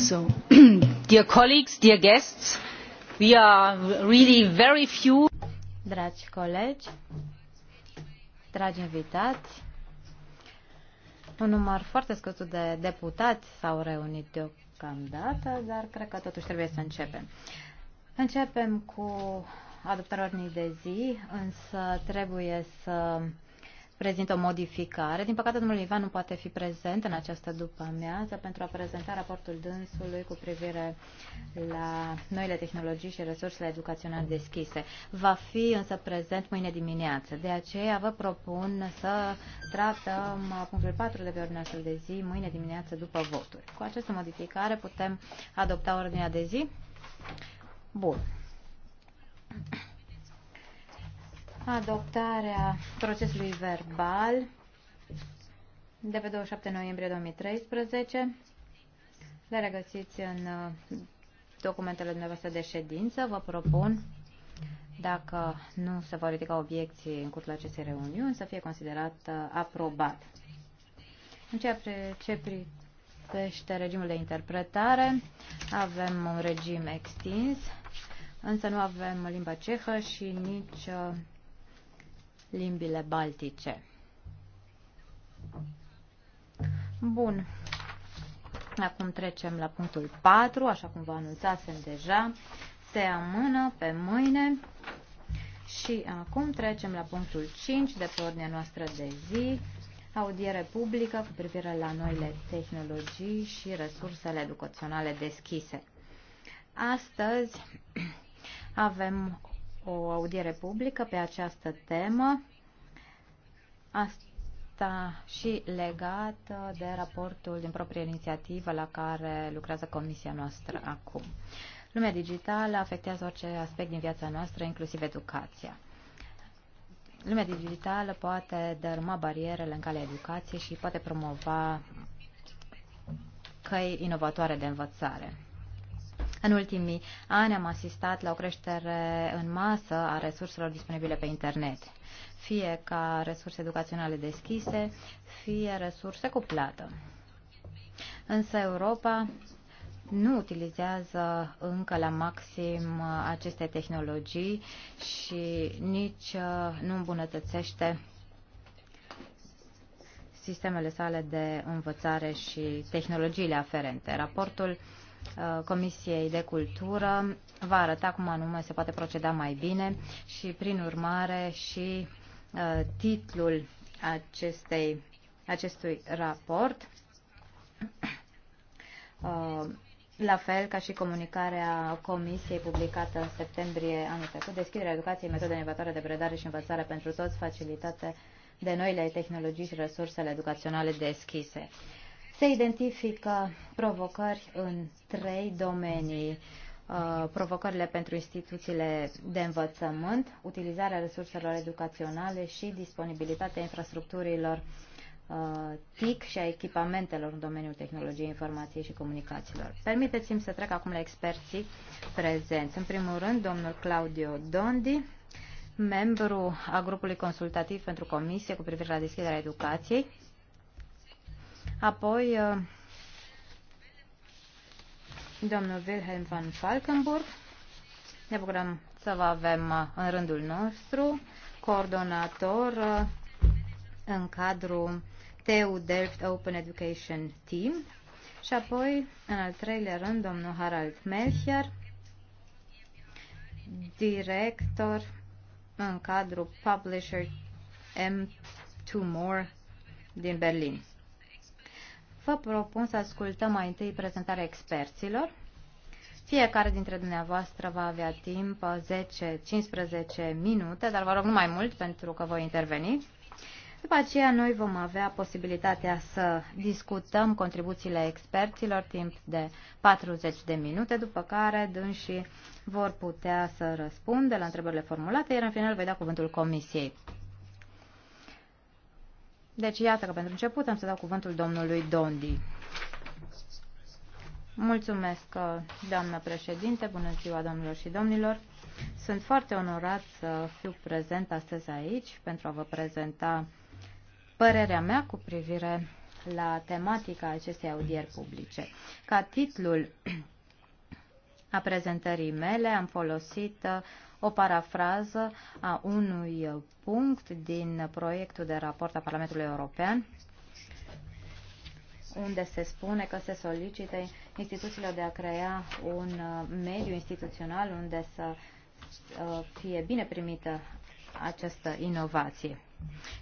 Dragi colegi, dragi invitați, un număr foarte scăzut de deputați s-au reunit deocamdată, dar cred că totuși trebuie să începem. Începem cu adoptarea ordinii de zi, însă trebuie să prezintă o modificare. Din păcate, domnul Ivan nu poate fi prezent în această după-amiază pentru a prezenta raportul dânsului cu privire la noile tehnologii și resursele educaționale deschise. Va fi însă prezent mâine dimineață. De aceea vă propun să tratăm punctul 4 de pe ordinea de zi mâine dimineață după voturi. Cu această modificare putem adopta ordinea de zi? Bun adoptarea procesului verbal de pe 27 noiembrie 2013. Le regăsiți în uh, documentele dumneavoastră de ședință. Vă propun, dacă nu se vor ridica obiecții în cursul acestei reuniuni, să fie considerat uh, aprobat. În ceea ce privește regimul de interpretare, avem un regim extins, însă nu avem limba cehă și nici uh, limbile baltice. Bun. Acum trecem la punctul 4, așa cum vă anunțasem deja. Se amână pe mâine. Și acum trecem la punctul 5 de pe ordinea noastră de zi, audiere publică cu privire la noile tehnologii și resursele educaționale deschise. Astăzi avem o audiere publică pe această temă, asta și legat de raportul din proprie inițiativă la care lucrează comisia noastră acum. Lumea digitală afectează orice aspect din viața noastră, inclusiv educația. Lumea digitală poate dărâma barierele în calea educației și poate promova căi inovatoare de învățare. În ultimii ani am asistat la o creștere în masă a resurselor disponibile pe internet, fie ca resurse educaționale deschise, fie resurse cu plată. Însă Europa nu utilizează încă la maxim aceste tehnologii și nici uh, nu îmbunătățește sistemele sale de învățare și tehnologiile aferente. Raportul Uh, Comisiei de Cultură va arăta cum anume se poate proceda mai bine și, prin urmare, și uh, titlul acestei, acestui raport, uh, la fel ca și comunicarea Comisiei publicată în septembrie anul trecut, deschiderea educației, metode inovatoare de predare și învățare pentru toți, facilitate de noile tehnologii și resursele educaționale deschise. Se identifică provocări în trei domenii. Uh, provocările pentru instituțiile de învățământ, utilizarea resurselor educaționale și disponibilitatea infrastructurilor uh, TIC și a echipamentelor în domeniul tehnologiei informației și comunicațiilor. Permiteți-mi să trec acum la experții prezenți. În primul rând, domnul Claudio Dondi, membru a grupului consultativ pentru comisie cu privire la deschiderea educației Apoi, uh, domnul Wilhelm van Falkenburg. Ne bucurăm să vă avem uh, în rândul nostru, coordonator uh, în cadrul TU Delft Open Education Team. Și apoi, în al treilea rând, domnul Harald Melchior, director în cadrul Publisher M2More din Berlin vă propun să ascultăm mai întâi prezentarea experților. Fiecare dintre dumneavoastră va avea timp 10-15 minute, dar vă rog nu mai mult pentru că voi interveni. După aceea noi vom avea posibilitatea să discutăm contribuțiile experților timp de 40 de minute, după care dânsii vor putea să răspundă la întrebările formulate, iar în final voi da cuvântul comisiei. Deci, iată că pentru început am să dau cuvântul domnului Dondi. Mulțumesc, doamnă președinte, bună ziua, domnilor și domnilor. Sunt foarte onorat să fiu prezent astăzi aici pentru a vă prezenta părerea mea cu privire la tematica acestei audieri publice. Ca titlul a prezentării mele am folosit uh, o parafrază a unui uh, punct din proiectul de raport a Parlamentului European unde se spune că se solicită instituțiilor de a crea un uh, mediu instituțional unde să fie bine primită această inovație.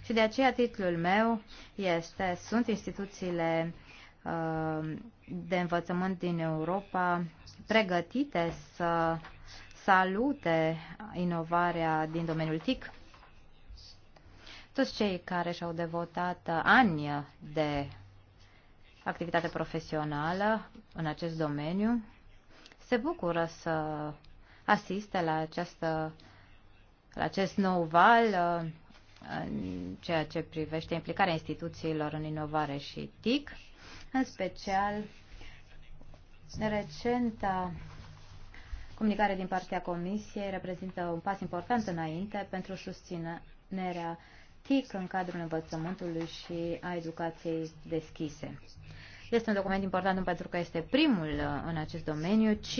Și de aceea titlul meu este Sunt instituțiile uh, Uh, de învățământ din Europa pregătite să salute inovarea din domeniul TIC. Toți cei care și-au devotat ani de activitate profesională în acest domeniu se bucură să asiste la, această, la acest nou val uh, în ceea ce privește implicarea instituțiilor în inovare și TIC în special recenta comunicare din partea Comisiei reprezintă un pas important înainte pentru susținerea TIC în cadrul învățământului și a educației deschise. Este un document important nu pentru că este primul uh, în acest domeniu, ci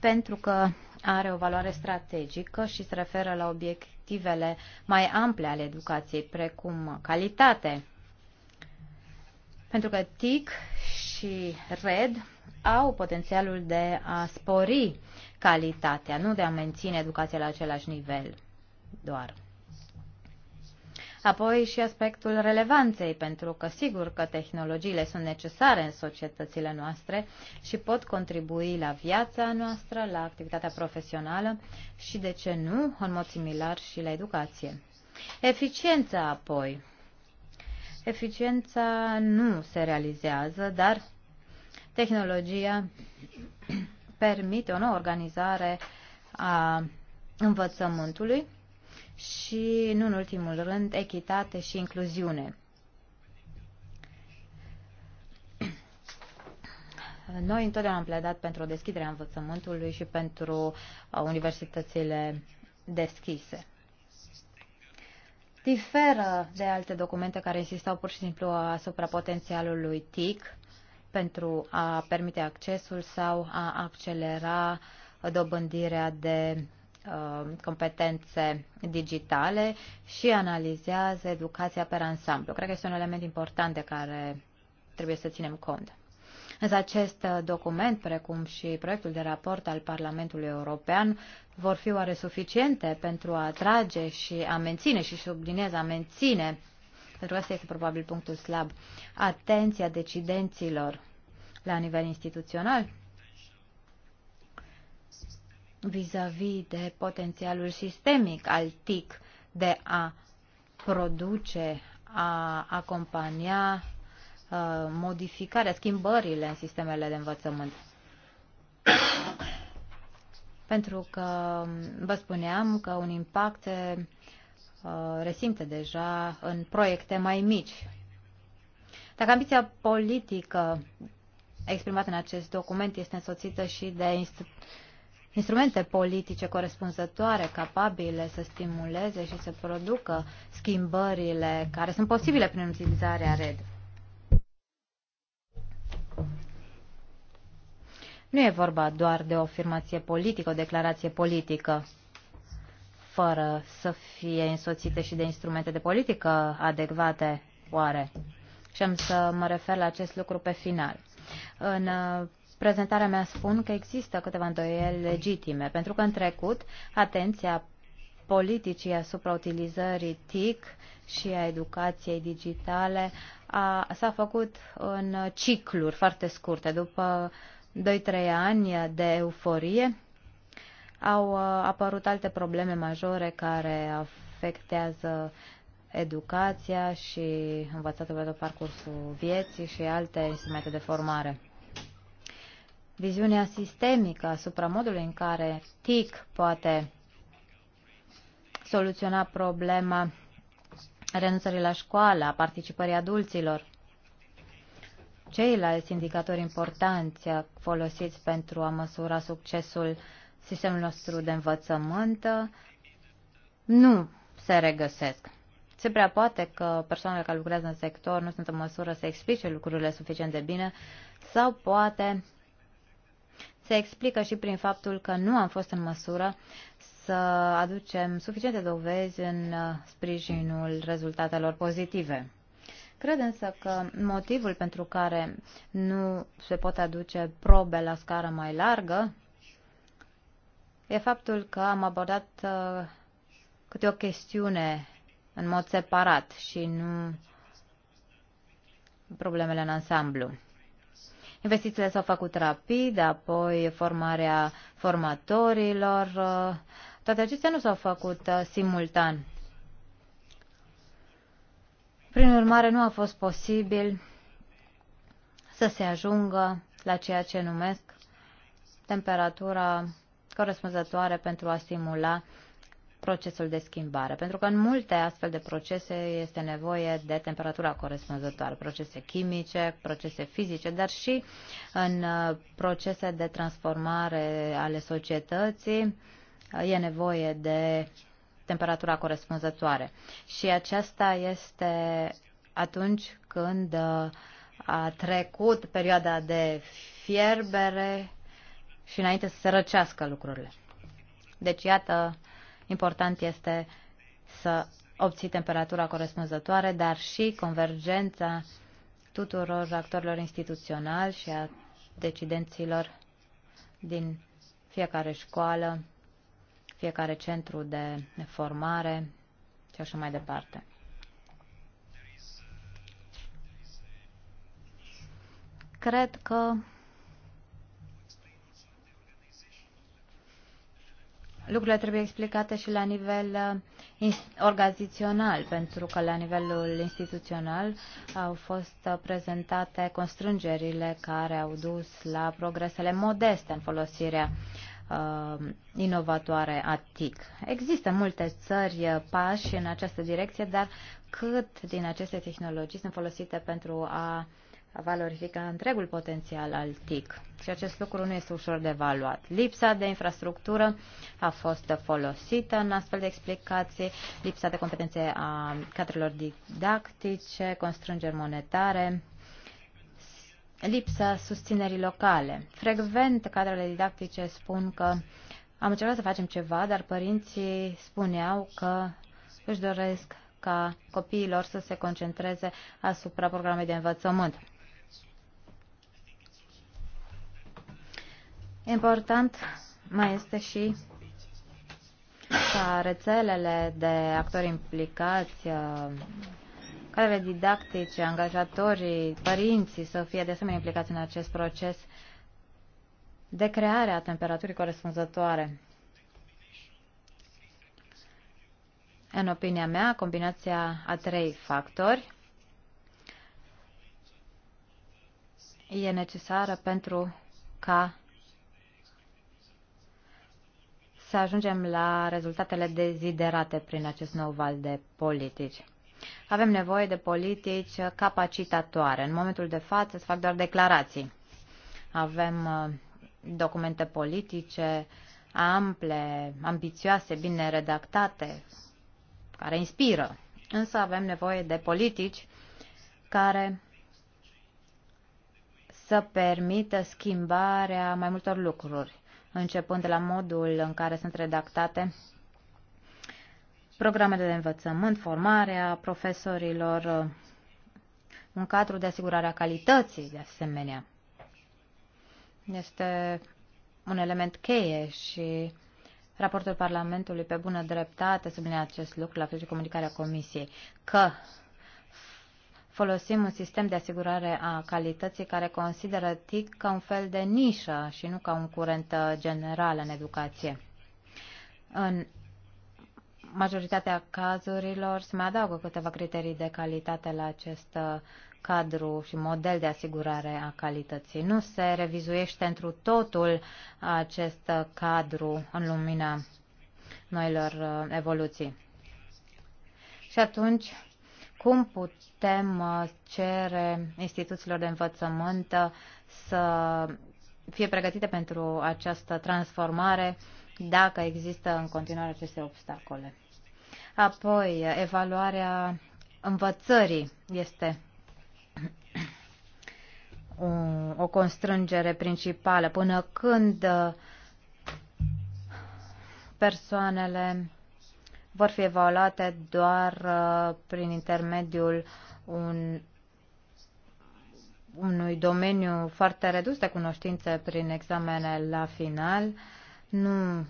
pentru că are o valoare strategică și se referă la obiectivele mai ample ale educației, precum calitate, pentru că TIC și RED au potențialul de a spori calitatea, nu de a menține educația la același nivel doar. Apoi și aspectul relevanței, pentru că sigur că tehnologiile sunt necesare în societățile noastre și pot contribui la viața noastră, la activitatea profesională și, de ce nu, în mod similar și la educație. Eficiența apoi Eficiența nu se realizează, dar tehnologia permite o nouă organizare a învățământului și, nu în ultimul rând, echitate și incluziune. Noi întotdeauna am pledat pentru o deschidere a învățământului și pentru uh, universitățile deschise diferă de alte documente care insistau pur și simplu asupra potențialului TIC pentru a permite accesul sau a accelera dobândirea de uh, competențe digitale și analizează educația pe ansamblu. Cred că este un element important de care trebuie să ținem cont. Însă acest document, precum și proiectul de raport al Parlamentului European, vor fi oare suficiente pentru a atrage și a menține, și subliniez, a menține, pentru că asta este probabil punctul slab, atenția decidenților la nivel instituțional vis-a-vis -vis de potențialul sistemic al TIC de a produce, a acompania uh, modificarea, schimbările în sistemele de învățământ. Pentru că vă spuneam că un impact se uh, resimte deja în proiecte mai mici. Dacă ambiția politică exprimată în acest document este însoțită și de instru instrumente politice corespunzătoare, capabile să stimuleze și să producă schimbările care sunt posibile prin utilizarea RED. Nu e vorba doar de o afirmație politică, o declarație politică, fără să fie însoțită și de instrumente de politică adecvate, oare? Și am să mă refer la acest lucru pe final. În uh, prezentarea mea spun că există câteva îndoieli legitime, pentru că în trecut atenția politicii asupra utilizării TIC și a educației digitale a, s-a făcut în cicluri foarte scurte. După 2-3 ani de euforie, au uh, apărut alte probleme majore care afectează educația și învățatul pe parcursul vieții și alte instrumente de formare. Viziunea sistemică asupra modului în care TIC poate soluționa problema renunțării la școală, a participării adulților ceilalți indicatori importanți folosiți pentru a măsura succesul sistemului nostru de învățământ nu se regăsesc. Se prea poate că persoanele care lucrează în sector nu sunt în măsură să explice lucrurile suficient de bine sau poate se explică și prin faptul că nu am fost în măsură să aducem suficiente dovezi în sprijinul rezultatelor pozitive. Cred însă că motivul pentru care nu se pot aduce probe la scară mai largă e faptul că am abordat uh, câte o chestiune în mod separat și nu problemele în ansamblu. Investițiile s-au făcut rapid, apoi formarea formatorilor, uh, toate acestea nu s-au făcut uh, simultan. Prin urmare, nu a fost posibil să se ajungă la ceea ce numesc temperatura corespunzătoare pentru a stimula procesul de schimbare. Pentru că în multe astfel de procese este nevoie de temperatura corespunzătoare, procese chimice, procese fizice, dar și în uh, procese de transformare ale societății uh, e nevoie de temperatura corespunzătoare. Și aceasta este atunci când uh, a trecut perioada de fierbere și înainte să se răcească lucrurile. Deci, iată, important este să obții temperatura corespunzătoare, dar și convergența tuturor actorilor instituționali și a decidenților din fiecare școală fiecare centru de formare și așa mai departe. Cred că lucrurile trebuie explicate și la nivel uh, organizațional, pentru că la nivelul instituțional au fost uh, prezentate constrângerile care au dus la progresele modeste în folosirea uh, inovatoare a TIC. Există multe țări uh, pași în această direcție, dar cât din aceste tehnologii sunt folosite pentru a valorifica întregul potențial al TIC. Și acest lucru nu este ușor de evaluat. Lipsa de infrastructură a fost folosită în astfel de explicații, lipsa de competențe a cadrelor didactice, constrângeri monetare, lipsa susținerii locale. Frecvent, cadrele didactice spun că am încercat să facem ceva, dar părinții spuneau că își doresc ca copiilor să se concentreze asupra programei de învățământ. Important mai este și ca rețelele de actori implicați cadrele didactice, angajatorii, părinții să fie de asemenea implicați în acest proces de creare a temperaturii corespunzătoare. În opinia mea, combinația a trei factori e necesară pentru ca să ajungem la rezultatele deziderate prin acest nou val de politici. Avem nevoie de politici capacitatoare. În momentul de față se fac doar declarații. Avem uh, documente politice ample, ambițioase, bine redactate, care inspiră. Însă avem nevoie de politici care să permită schimbarea mai multor lucruri, începând de la modul în care sunt redactate programele de învățământ, formarea profesorilor, uh, un cadru de asigurare a calității, de asemenea. Este un element cheie și raportul Parlamentului pe bună dreptate sublinia acest lucru, la fel și comunicarea Comisiei, că folosim un sistem de asigurare a calității care consideră TIC ca un fel de nișă și nu ca un curent uh, general în educație. În majoritatea cazurilor se mai adaugă câteva criterii de calitate la acest uh, cadru și model de asigurare a calității. Nu se revizuiește întru totul acest uh, cadru în lumina noilor uh, evoluții. Și atunci, cum putem cere instituțiilor de învățământ să fie pregătite pentru această transformare dacă există în continuare aceste obstacole? Apoi, evaluarea învățării este o constrângere principală. Până când persoanele vor fi evaluate doar uh, prin intermediul un, unui domeniu foarte redus de cunoștințe prin examene la final, nu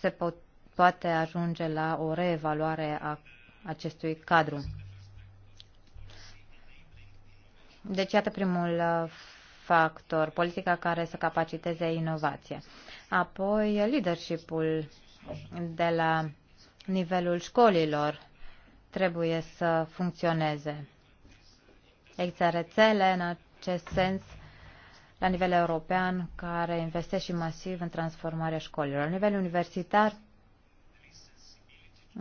se pot poate ajunge la o reevaluare a acestui cadru. Deci, iată primul uh, factor, politica care să capaciteze inovație. Apoi, leadershipul de la nivelul școlilor trebuie să funcționeze. Există rețele în acest sens la nivel european care investește și masiv în transformarea școlilor. La nivel universitar,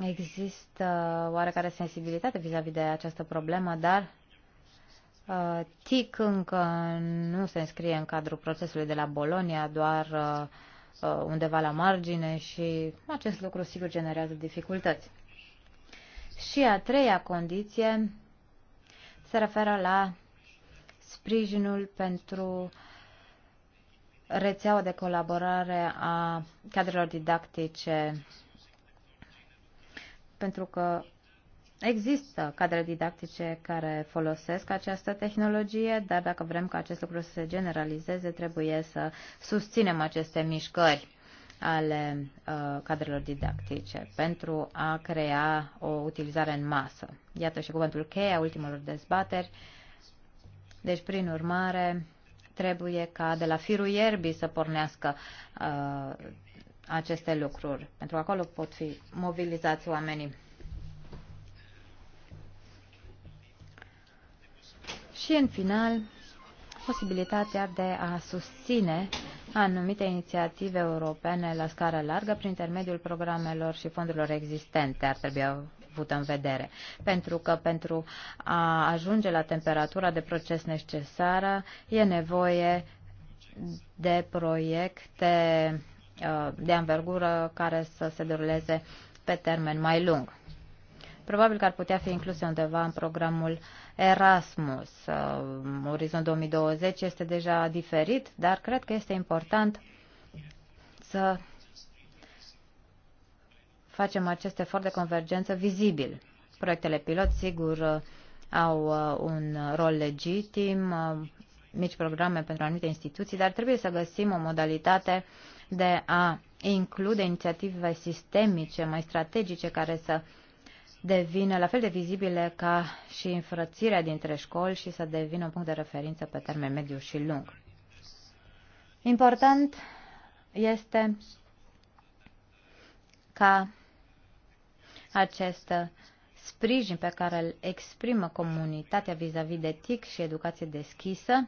Există oarecare sensibilitate vis-a-vis -vis de această problemă, dar uh, TIC încă nu se înscrie în cadrul procesului de la Bolonia, doar uh, uh, undeva la margine și acest lucru sigur generează dificultăți. Și a treia condiție se referă la sprijinul pentru rețeaua de colaborare a cadrelor didactice pentru că există cadre didactice care folosesc această tehnologie, dar dacă vrem ca acest lucru să se generalizeze, trebuie să susținem aceste mișcări ale uh, cadrelor didactice pentru a crea o utilizare în masă. Iată și cuvântul cheie a ultimelor dezbateri. Deci, prin urmare, trebuie ca de la firul ierbii să pornească uh, aceste lucruri, pentru că acolo pot fi mobilizați oamenii. Și în final, posibilitatea de a susține anumite inițiative europene la scară largă prin intermediul programelor și fondurilor existente ar trebui avută în vedere. Pentru că pentru a ajunge la temperatura de proces necesară e nevoie de proiecte Uh, de anvergură care să se deruleze pe termen mai lung. Probabil că ar putea fi incluse undeva în programul Erasmus. Uh, orizont 2020 este deja diferit, dar cred că este important să facem acest efort de convergență vizibil. Proiectele pilot, sigur, uh, au un rol legitim, mici programe pentru anumite instituții, dar trebuie să găsim o modalitate uh, de a include inițiative sistemice, mai strategice, care să devină la fel de vizibile ca și înfrățirea dintre școli și să devină un punct de referință pe termen mediu și lung. Important este ca acest sprijin pe care îl exprimă comunitatea vis-a-vis -vis de TIC și educație deschisă,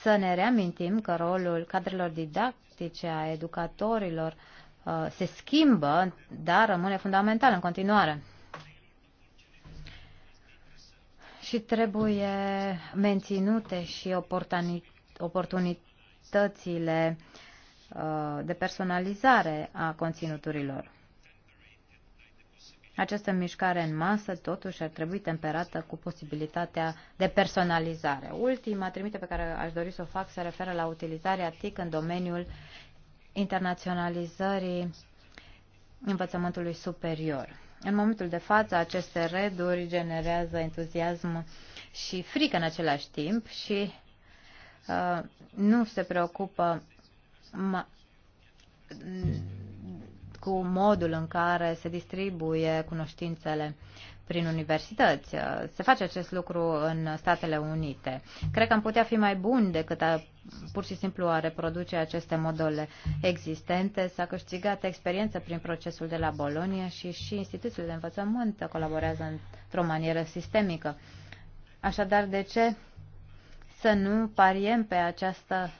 să ne reamintim că rolul cadrelor didact practice a educatorilor uh, se schimbă, dar rămâne fundamental în continuare. Și trebuie menținute și oportunitățile uh, de personalizare a conținuturilor. Această mișcare în masă totuși ar trebui temperată cu posibilitatea de personalizare. Ultima trimite pe care aș dori să o fac se referă la utilizarea TIC în domeniul internaționalizării învățământului superior. În momentul de față, aceste reduri generează entuziasm și frică în același timp și uh, nu se preocupă cu modul în care se distribuie cunoștințele prin universități. Se face acest lucru în Statele Unite. Cred că am putea fi mai buni decât a, pur și simplu a reproduce aceste modele existente. S-a câștigat experiență prin procesul de la Bolonia și și instituțiile de învățământ colaborează într-o manieră sistemică. Așadar, de ce să nu pariem pe această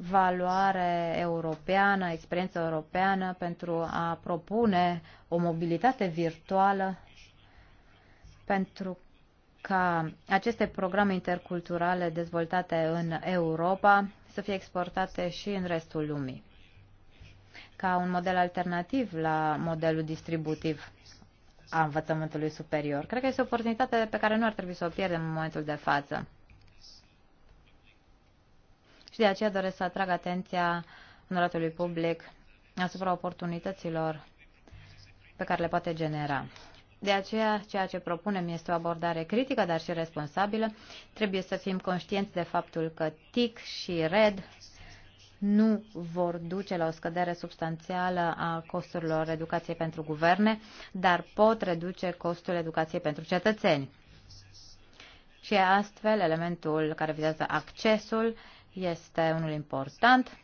valoare europeană, experiență europeană pentru a propune o mobilitate virtuală pentru ca aceste programe interculturale dezvoltate în Europa să fie exportate și în restul lumii, ca un model alternativ la modelul distributiv a învățământului superior. Cred că este o oportunitate pe care nu ar trebui să o pierdem în momentul de față și de aceea doresc să atrag atenția onoratului public asupra oportunităților pe care le poate genera. De aceea, ceea ce propunem este o abordare critică, dar și responsabilă. Trebuie să fim conștienți de faptul că TIC și RED nu vor duce la o scădere substanțială a costurilor educației pentru guverne, dar pot reduce costul educației pentru cetățeni. Și astfel, elementul care vizează accesul este unul important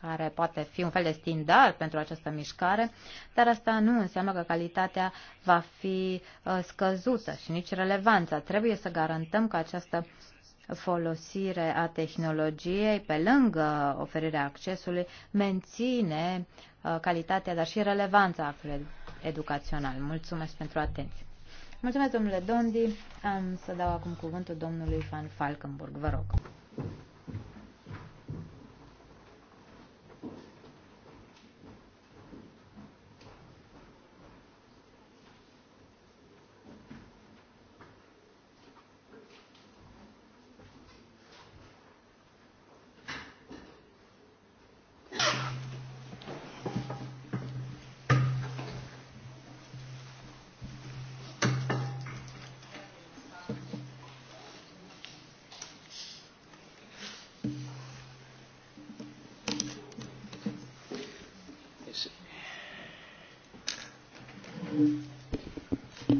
care poate fi un fel de standard pentru această mișcare, dar asta nu înseamnă că calitatea va fi uh, scăzută și nici relevanța. Trebuie să garantăm că această folosire a tehnologiei, pe lângă oferirea accesului, menține uh, calitatea, dar și relevanța actului educațional. Mulțumesc pentru atenție. Mulțumesc, domnule Dondi. Am să dau acum cuvântul domnului Van Falkenburg. Vă rog.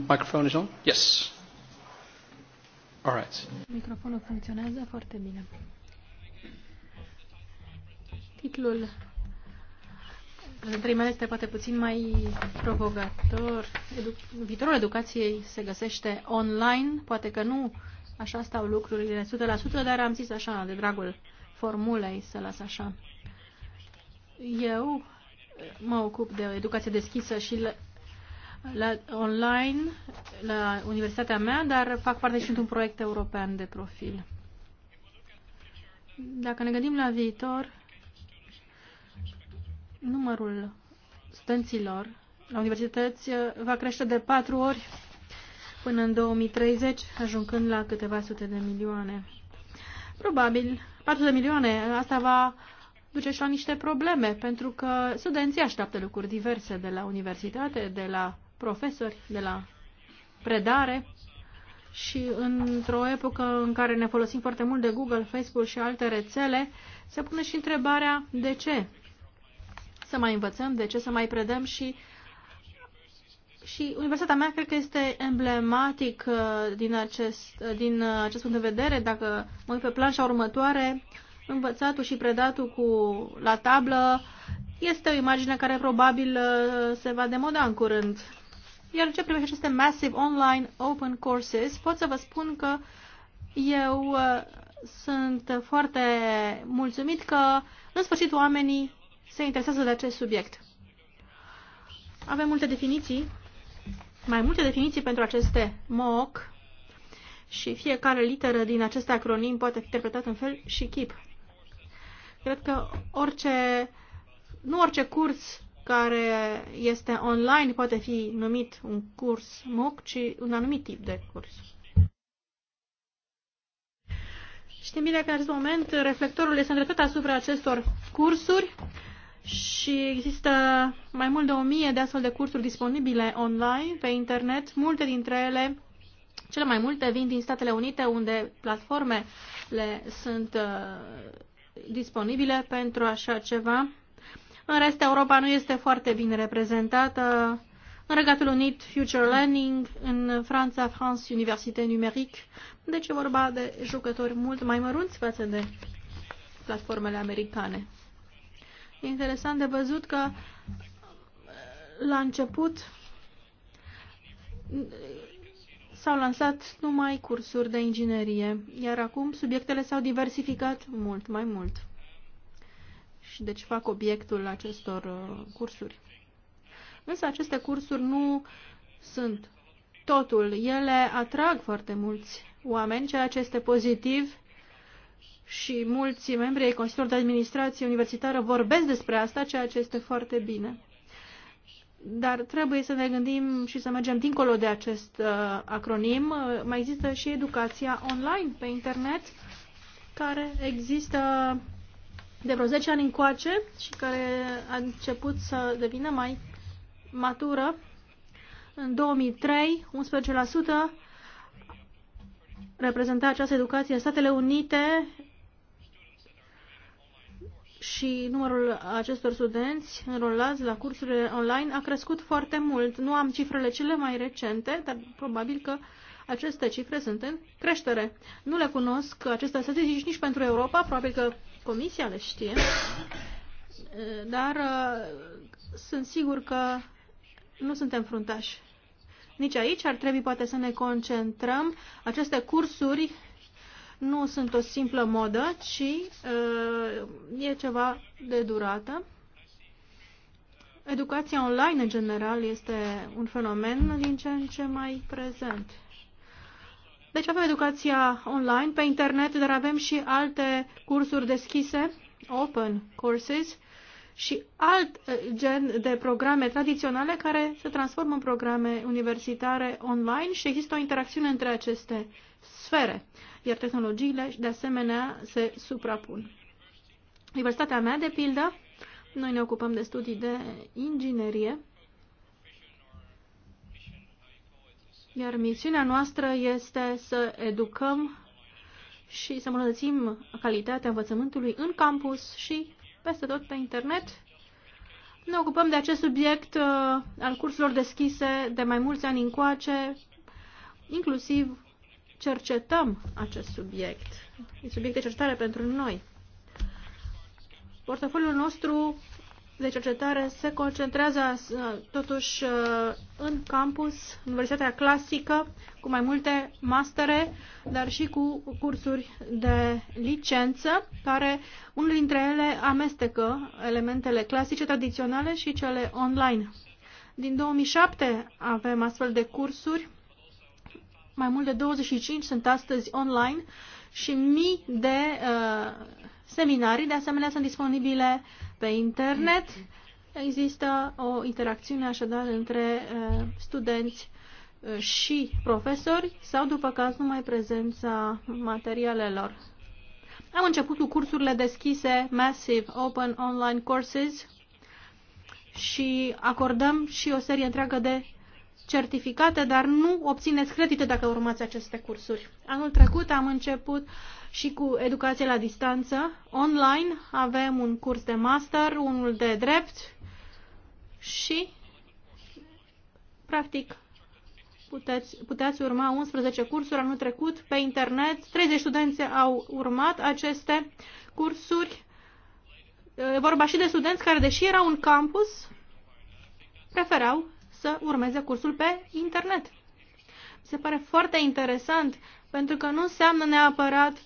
Microphone is on? Yes. All right. Microfonul funcționează foarte bine. Titlul prezentării mele este poate puțin mai provocator. Edu viitorul educației se găsește online, poate că nu așa stau lucrurile 100%, dar am zis așa, de dragul formulei să las așa. Eu mă ocup de educație deschisă și la, online la universitatea mea, dar fac parte și într-un proiect european de profil. Dacă ne gândim la viitor, numărul studenților la universități uh, va crește de patru ori până în 2030, ajungând la câteva sute de milioane. Probabil, 400 de milioane, asta va duce și la niște probleme, pentru că studenții așteaptă lucruri diverse de la universitate, de la profesori, de la predare și într-o epocă în care ne folosim foarte mult de Google, Facebook și alte rețele, se pune și întrebarea de ce să mai învățăm, de ce să mai predăm și și universitatea mea cred că este emblematic uh, din acest, uh, din uh, acest punct de vedere. Dacă mă uit pe planșa următoare, învățatul și predatul cu la tablă este o imagine care probabil se va demoda în curând. Iar în ce privește aceste Massive Online Open Courses, pot să vă spun că eu uh, sunt foarte mulțumit că, în sfârșit, oamenii se interesează de acest subiect. Avem multe definiții, mai multe definiții pentru aceste MOOC și fiecare literă din acest acronim poate fi interpretată în fel și chip. Cred că orice, nu orice curs care este online, poate fi numit un curs MOOC, ci un anumit tip de curs. Știm bine că în acest moment reflectorul este îndreptat asupra acestor cursuri și există mai mult de o mie de astfel de cursuri disponibile online, pe internet. Multe dintre ele, cele mai multe, vin din Statele Unite, unde platformele sunt uh, disponibile pentru așa ceva. În rest, Europa nu este foarte bine reprezentată. În Regatul Unit, Future Learning, în Franța, France, Université Numérique. Deci e vorba de jucători mult mai mărunți față de platformele americane. E interesant de văzut că uh, la început s-au lansat numai cursuri de inginerie, iar acum subiectele s-au diversificat mult mai mult și deci fac obiectul acestor uh, cursuri. Însă aceste cursuri nu sunt totul. Ele atrag foarte mulți oameni, ceea ce este pozitiv și mulți membri ai Consiliului de Administrație Universitară vorbesc despre asta, ceea ce este foarte bine. Dar trebuie să ne gândim și să mergem dincolo de acest uh, acronim. Mai există și educația online pe internet, care există de vreo 10 ani încoace și care a început să devină mai matură. În 2003, 11% reprezenta această educație în Statele Unite și numărul acestor studenți înrolați la cursurile online a crescut foarte mult. Nu am cifrele cele mai recente, dar probabil că aceste cifre sunt în creștere. Nu le cunosc aceste statistici nici pentru Europa, probabil că Comisia le știe, dar uh, sunt sigur că nu suntem fruntași. Nici aici ar trebui poate să ne concentrăm. Aceste cursuri nu sunt o simplă modă, ci uh, e ceva de durată. Educația online, în general, este un fenomen din ce în ce mai prezent. Deci avem educația online, pe internet, dar avem și alte cursuri deschise, open courses, și alt eh, gen de programe tradiționale care se transformă în programe universitare online și există o interacțiune între aceste sfere, iar tehnologiile de asemenea se suprapun. Universitatea mea, de pildă, noi ne ocupăm de studii de inginerie, Iar misiunea noastră este să educăm și să îmbunătățim calitatea învățământului în campus și peste tot pe internet. Ne ocupăm de acest subiect uh, al cursurilor deschise de mai mulți ani încoace, inclusiv cercetăm acest subiect. E subiect de cercetare pentru noi. Portofoliul nostru de cercetare se concentrează uh, totuși uh, în campus, Universitatea Clasică, cu mai multe mastere, dar și cu cursuri de licență, care unul dintre ele amestecă elementele clasice, tradiționale și cele online. Din 2007 avem astfel de cursuri, mai mult de 25 sunt astăzi online și mii de uh, seminarii, de asemenea, sunt disponibile pe internet. Există o interacțiune așadar între uh, studenți uh, și profesori sau, după caz, numai prezența materialelor. Am început cu cursurile deschise Massive Open Online Courses și acordăm și o serie întreagă de certificate, dar nu obțineți credite dacă urmați aceste cursuri. Anul trecut am început și cu educație la distanță. Online avem un curs de master, unul de drept și, practic, puteți, puteți urma 11 cursuri anul trecut pe internet. 30 studenți au urmat aceste cursuri. E vorba și de studenți care, deși erau în campus, preferau să urmeze cursul pe internet. Se pare foarte interesant, pentru că nu înseamnă neapărat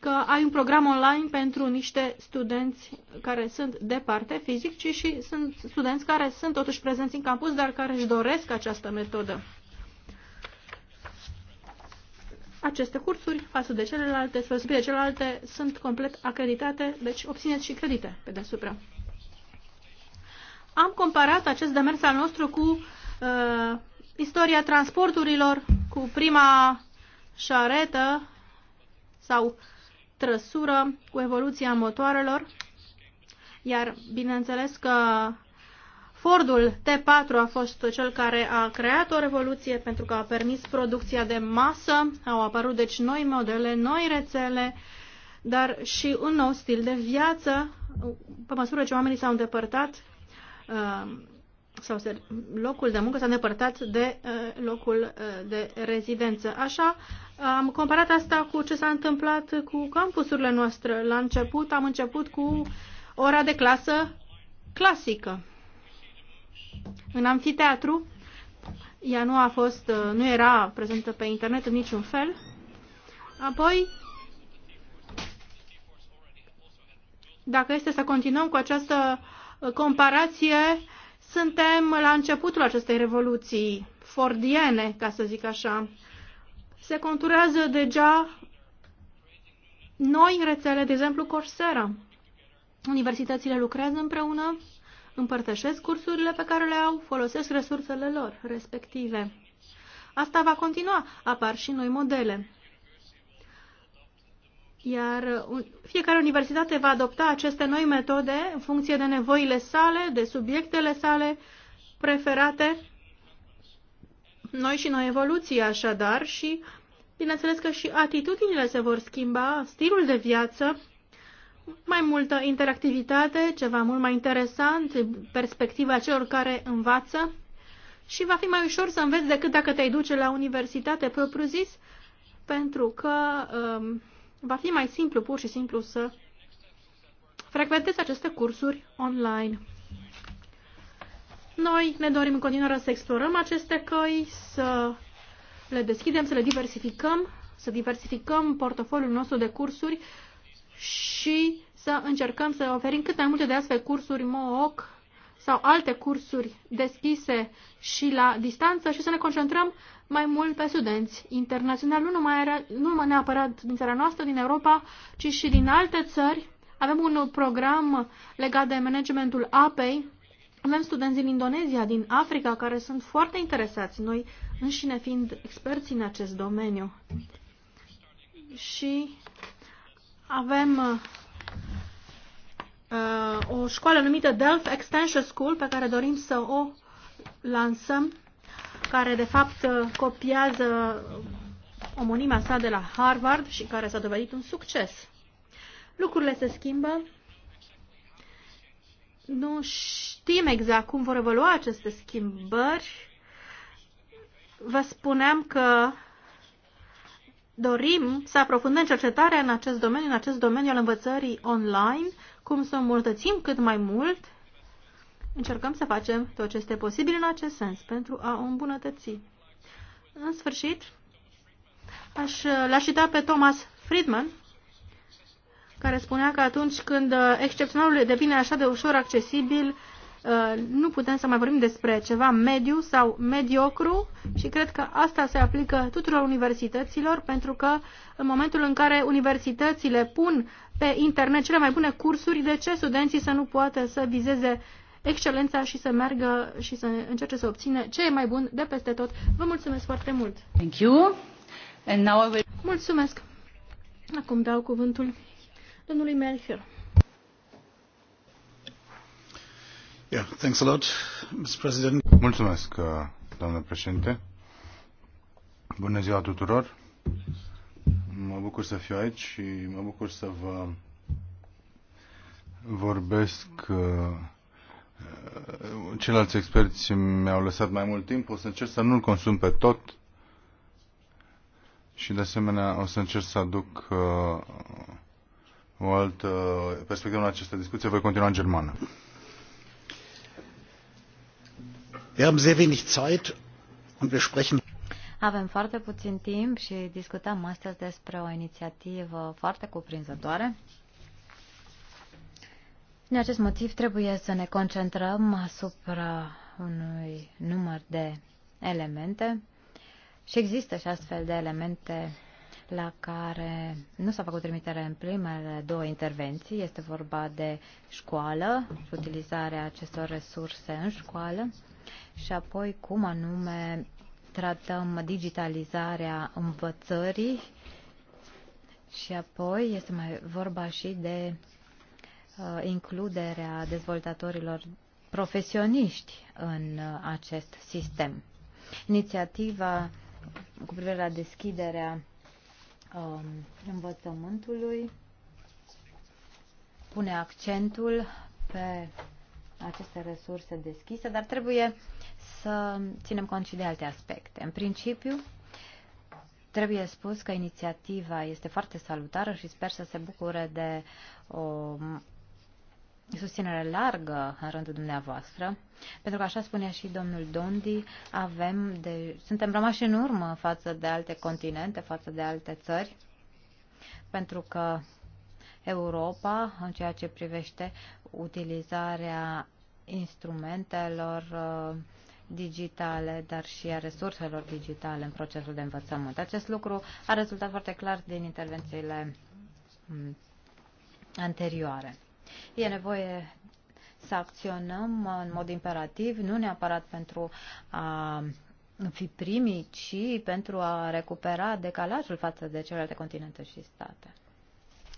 că ai un program online pentru niște studenți care sunt departe fizic, ci și sunt studenți care sunt totuși prezenți în campus, dar care își doresc această metodă. Aceste cursuri, față de celelalte, spre de celelalte, sunt complet acreditate, deci obțineți și credite pe deasupra. Am comparat acest demers al nostru cu uh, istoria transporturilor cu prima șaretă sau trăsură cu evoluția motoarelor, iar bineînțeles că Fordul T4 a fost cel care a creat o revoluție pentru că a permis producția de masă, au apărut deci noi modele, noi rețele, dar și un nou stil de viață pe măsură ce oamenii s-au îndepărtat uh, sau se, locul de muncă s-a îndepărtat de uh, locul uh, de rezidență. Așa, am comparat asta cu ce s-a întâmplat cu campusurile noastre. La început am început cu ora de clasă clasică. În amfiteatru, ea nu a fost, uh, nu era prezentă pe internet în niciun fel. Apoi, dacă este să continuăm cu această uh, comparație, uh, suntem la începutul acestei revoluții fordiene, ca să zic așa. Se conturează deja noi rețele, de exemplu Coursera. Universitățile lucrează împreună, împărtășesc cursurile pe care le au, folosesc resursele lor respective. Asta va continua, apar și noi modele. Iar uh, fiecare universitate va adopta aceste noi metode în funcție de nevoile sale, de subiectele sale preferate. Noi și noi evoluții așadar, și bineînțeles că și atitudinile se vor schimba, stilul de viață, mai multă interactivitate, ceva mult mai interesant, perspectiva celor care învață și va fi mai ușor să înveți decât dacă te-ai duce la universitate propriu-zis, pentru că um, va fi mai simplu pur și simplu să frecventezi aceste cursuri online. Noi ne dorim în continuare să explorăm aceste căi, să le deschidem, să le diversificăm, să diversificăm portofoliul nostru de cursuri și să încercăm să oferim cât mai multe de astfel cursuri MOOC sau alte cursuri deschise și la distanță și să ne concentrăm mai mult pe studenți internaționali, nu numai, era, nu numai neapărat din țara noastră, din Europa, ci și din alte țări. Avem un program legat de managementul apei. Avem studenți din Indonezia, din Africa, care sunt foarte interesați, noi înșine fiind experți în acest domeniu. Și avem Uh, o școală numită Delft Extension School pe care dorim să o lansăm, care de fapt uh, copiază omonima sa de la Harvard și care s-a dovedit un succes. Lucrurile se schimbă. Nu știm exact cum vor evolua aceste schimbări. Vă spuneam că dorim să aprofundăm cercetarea în acest domeniu, în acest domeniu al învățării online, cum să îmbunătățim cât mai mult, încercăm să facem tot ce este posibil în acest sens pentru a o îmbunătăți. În sfârșit, aș, l-aș cita pe Thomas Friedman, care spunea că atunci când uh, excepționalul devine așa de ușor accesibil, Uh, nu putem să mai vorbim despre ceva mediu sau mediocru și cred că asta se aplică tuturor universităților pentru că în momentul în care universitățile pun pe internet cele mai bune cursuri, de ce studenții să nu poată să vizeze excelența și să meargă și să încerce să obțină ce e mai bun de peste tot. Vă mulțumesc foarte mult! Thank you. And now I will... Mulțumesc! Acum dau cuvântul domnului Melchior. Mulțumesc, uh, doamnă președinte. Bună ziua tuturor. Mă bucur să fiu aici și mă bucur să vă vorbesc uh, uh, ceilalți experți mi-au lăsat mai mult timp, o să încerc să nu-l consum pe tot și de asemenea o să încerc să aduc o altă perspectivă în această discuție, voi continua în germană. Wir haben sehr wenig Zeit und wir sprechen. Avem foarte puțin timp și discutăm astăzi despre o inițiativă foarte cuprinzătoare. Din acest motiv trebuie să ne concentrăm asupra unui număr de elemente și există și astfel de elemente la care nu s-a făcut trimitere în primele două intervenții. Este vorba de școală, utilizarea acestor resurse în școală și apoi cum anume tratăm digitalizarea învățării și apoi este mai vorba și de uh, includerea dezvoltatorilor profesioniști în uh, acest sistem. Inițiativa cu privire la deschiderea uh, învățământului pune accentul pe aceste resurse deschise, dar trebuie să ținem cont și de alte aspecte. În principiu, trebuie spus că inițiativa este foarte salutară și sper să se bucure de o susținere largă în rândul dumneavoastră, pentru că, așa spunea și domnul Dondi, avem de, suntem rămași în urmă față de alte continente, față de alte țări, pentru că Europa, în ceea ce privește utilizarea instrumentelor uh, digitale, dar și a resurselor digitale în procesul de învățământ. Acest lucru a rezultat foarte clar din intervențiile mm, anterioare. E nevoie să acționăm în mod imperativ, nu neapărat pentru a fi primii, ci pentru a recupera decalajul față de celelalte continente și state.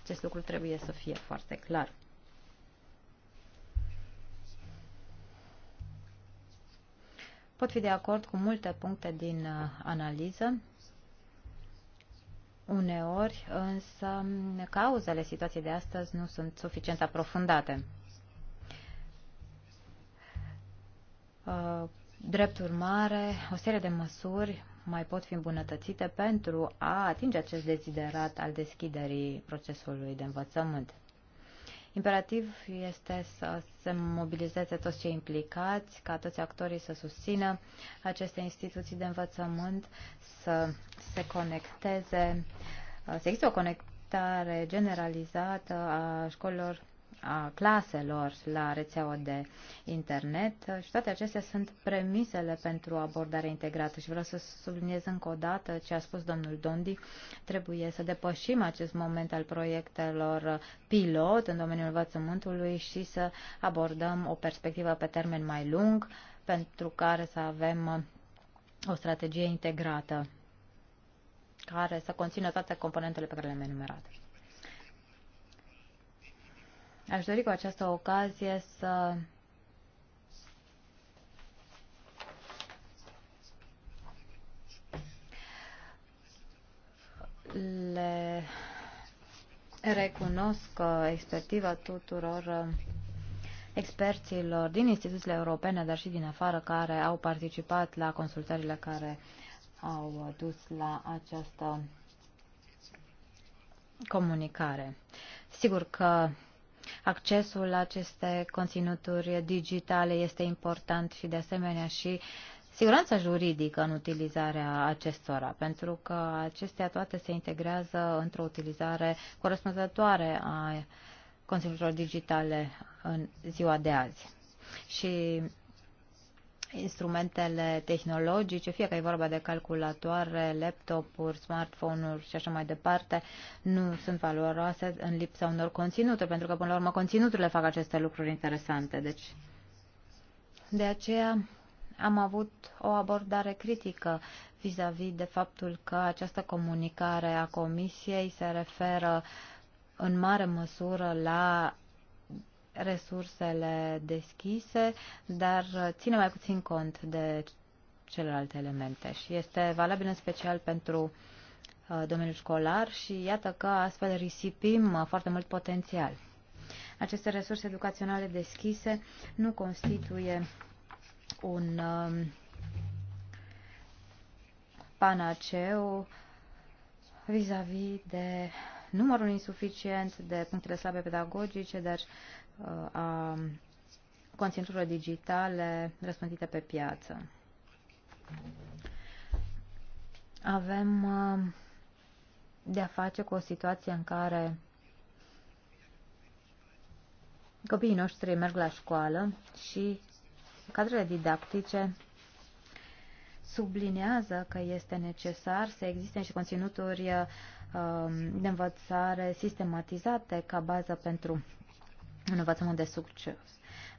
Acest lucru trebuie să fie foarte clar. Pot fi de acord cu multe puncte din uh, analiză. Uneori, însă, cauzele situației de astăzi nu sunt suficient aprofundate. Uh, drept urmare, o serie de măsuri mai pot fi îmbunătățite pentru a atinge acest deziderat al deschiderii procesului de învățământ. Imperativ este să se mobilizeze toți cei implicați, ca toți actorii să susțină aceste instituții de învățământ, să se conecteze, să există o conectare generalizată a școlilor a claselor la rețeaua de internet și toate acestea sunt premisele pentru abordare integrată și vreau să subliniez încă o dată ce a spus domnul Dondi, trebuie să depășim acest moment al proiectelor pilot în domeniul învățământului și să abordăm o perspectivă pe termen mai lung pentru care să avem o strategie integrată care să conțină toate componentele pe care le-am enumerat. Aș dori cu această ocazie să le recunosc expertiva tuturor experților din instituțiile europene, dar și din afară, care au participat la consultările care au dus la această comunicare. Sigur că accesul la aceste conținuturi digitale este important și de asemenea și siguranța juridică în utilizarea acestora, pentru că acestea toate se integrează într-o utilizare corespunzătoare a conținuturilor digitale în ziua de azi. Și instrumentele tehnologice, fie că e vorba de calculatoare, laptopuri, smartphone-uri și așa mai departe, nu sunt valoroase în lipsa unor conținuturi, pentru că, până la urmă, conținuturile fac aceste lucruri interesante. Deci, de aceea am avut o abordare critică vis-a-vis -vis de faptul că această comunicare a Comisiei se referă în mare măsură la resursele deschise, dar ține mai puțin cont de celelalte elemente și este valabil în special pentru uh, domeniul școlar și iată că astfel risipim uh, foarte mult potențial. Aceste resurse educaționale deschise nu constituie un um, panaceu vis-a-vis -vis de numărul insuficient, de punctele slabe pedagogice, dar Uh, a conținuturilor digitale răspândite pe piață. Avem uh, de a face cu o situație în care copiii noștri merg la școală și cadrele didactice sublinează că este necesar să existe și conținuturi uh, de învățare sistematizate ca bază pentru în învățământ de succes.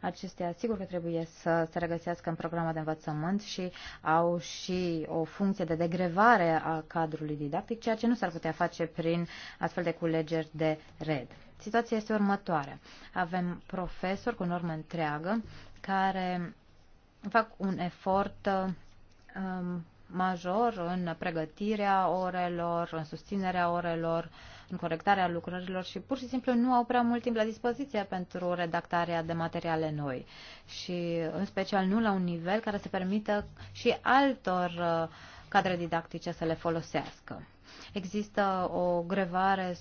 Acestea, sigur că trebuie să se regăsească în programa de învățământ și au și o funcție de degrevare a cadrului didactic, ceea ce nu s-ar putea face prin astfel de culegeri de red. Situația este următoarea. Avem profesori cu normă întreagă care fac un efort um, major în pregătirea orelor, în susținerea orelor, uh, în corectarea lucrărilor și pur și simplu nu au prea mult timp la dispoziție pentru redactarea de materiale noi și în special nu la un nivel care să permită și altor uh, cadre didactice să le folosească. Există o grevare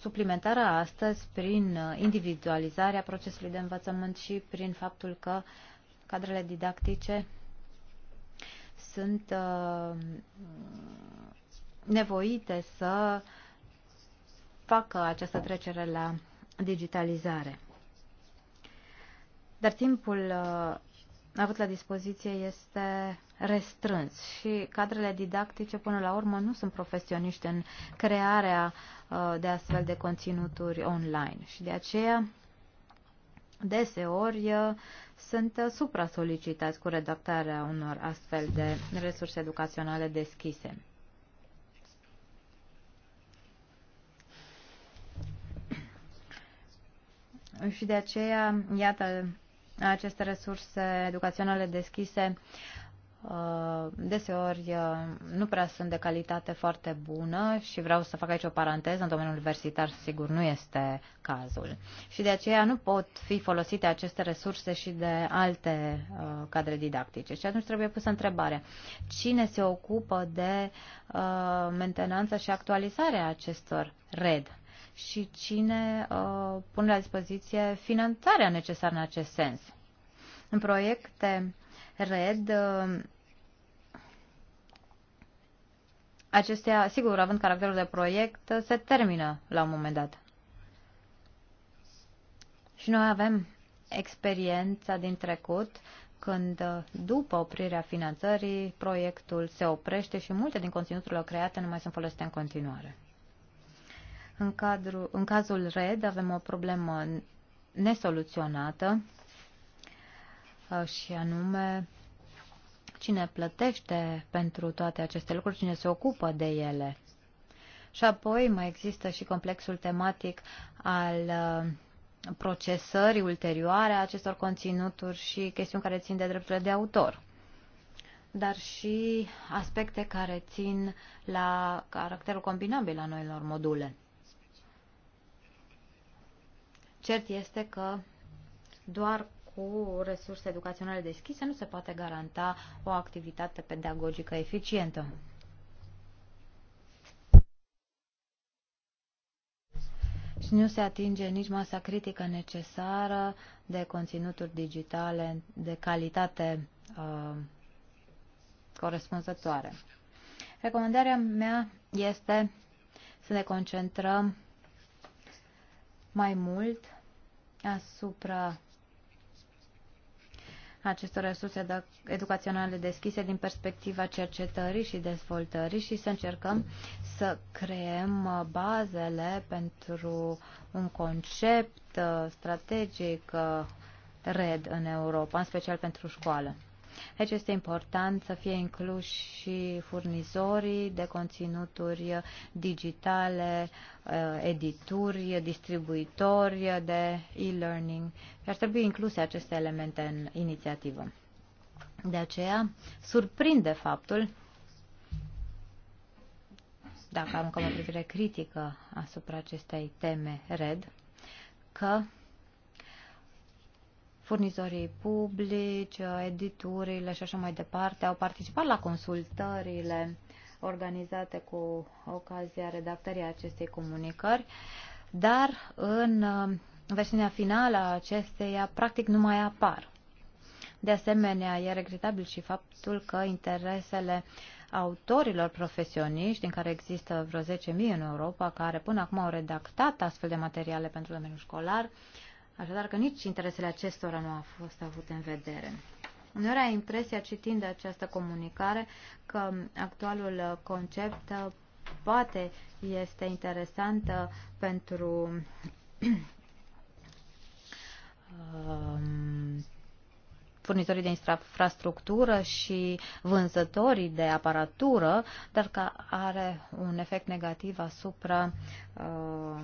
suplimentară astăzi prin uh, individualizarea procesului de învățământ și prin faptul că cadrele didactice sunt uh, nevoite să facă această trecere la digitalizare. Dar timpul uh, avut la dispoziție este restrâns și cadrele didactice până la urmă nu sunt profesioniști în crearea uh, de astfel de conținuturi online și de aceea deseori uh, sunt supra-solicitați cu redactarea unor astfel de resurse educaționale deschise. Și de aceea, iată, aceste resurse educaționale deschise uh, deseori uh, nu prea sunt de calitate foarte bună și vreau să fac aici o paranteză, în domeniul universitar sigur nu este cazul. Și de aceea nu pot fi folosite aceste resurse și de alte uh, cadre didactice. Și atunci trebuie pusă întrebarea, cine se ocupă de uh, mentenanța și actualizarea acestor red? și cine uh, pune la dispoziție finanțarea necesară în acest sens. În proiecte RED, uh, acestea, sigur, având caracterul de proiect, uh, se termină la un moment dat. Și noi avem experiența din trecut când după oprirea finanțării proiectul se oprește și multe din conținuturile create nu mai sunt folosite în continuare. În, cadru, în cazul RED avem o problemă nesoluționată uh, și anume cine plătește pentru toate aceste lucruri, cine se ocupă de ele. Și apoi mai există și complexul tematic al uh, procesării ulterioare a acestor conținuturi și chestiuni care țin de drepturile de autor dar și aspecte care țin la caracterul combinabil a noilor module. Cert este că doar cu resurse educaționale deschise nu se poate garanta o activitate pedagogică eficientă. Și nu se atinge nici masa critică necesară de conținuturi digitale de calitate uh, corespunzătoare. Recomandarea mea este să ne concentrăm mai mult asupra acestor resurse educaționale deschise din perspectiva cercetării și dezvoltării și să încercăm să creăm uh, bazele pentru un concept uh, strategic uh, RED în Europa, în special pentru școală. Deci este important să fie incluși și furnizorii de conținuturi digitale, uh, edituri, distribuitori de e-learning. Ar trebui incluse aceste elemente în inițiativă. De aceea, surprinde faptul dacă am cam o privire critică asupra acestei teme RED, că furnizorii publici, editurile și așa mai departe au participat la consultările organizate cu ocazia redactării acestei comunicări, dar în uh, versiunea finală a acesteia practic nu mai apar. De asemenea, e regretabil și faptul că interesele autorilor profesioniști, din care există vreo 10.000 în Europa, care până acum au redactat astfel de materiale pentru domeniul școlar, Așadar că nici interesele acestora nu au fost avute în vedere. Uneori ai impresia, citind această comunicare, că actualul concept poate este interesant uh, pentru uh, furnizorii de infrastructură și vânzătorii de aparatură, dar că are un efect negativ asupra uh,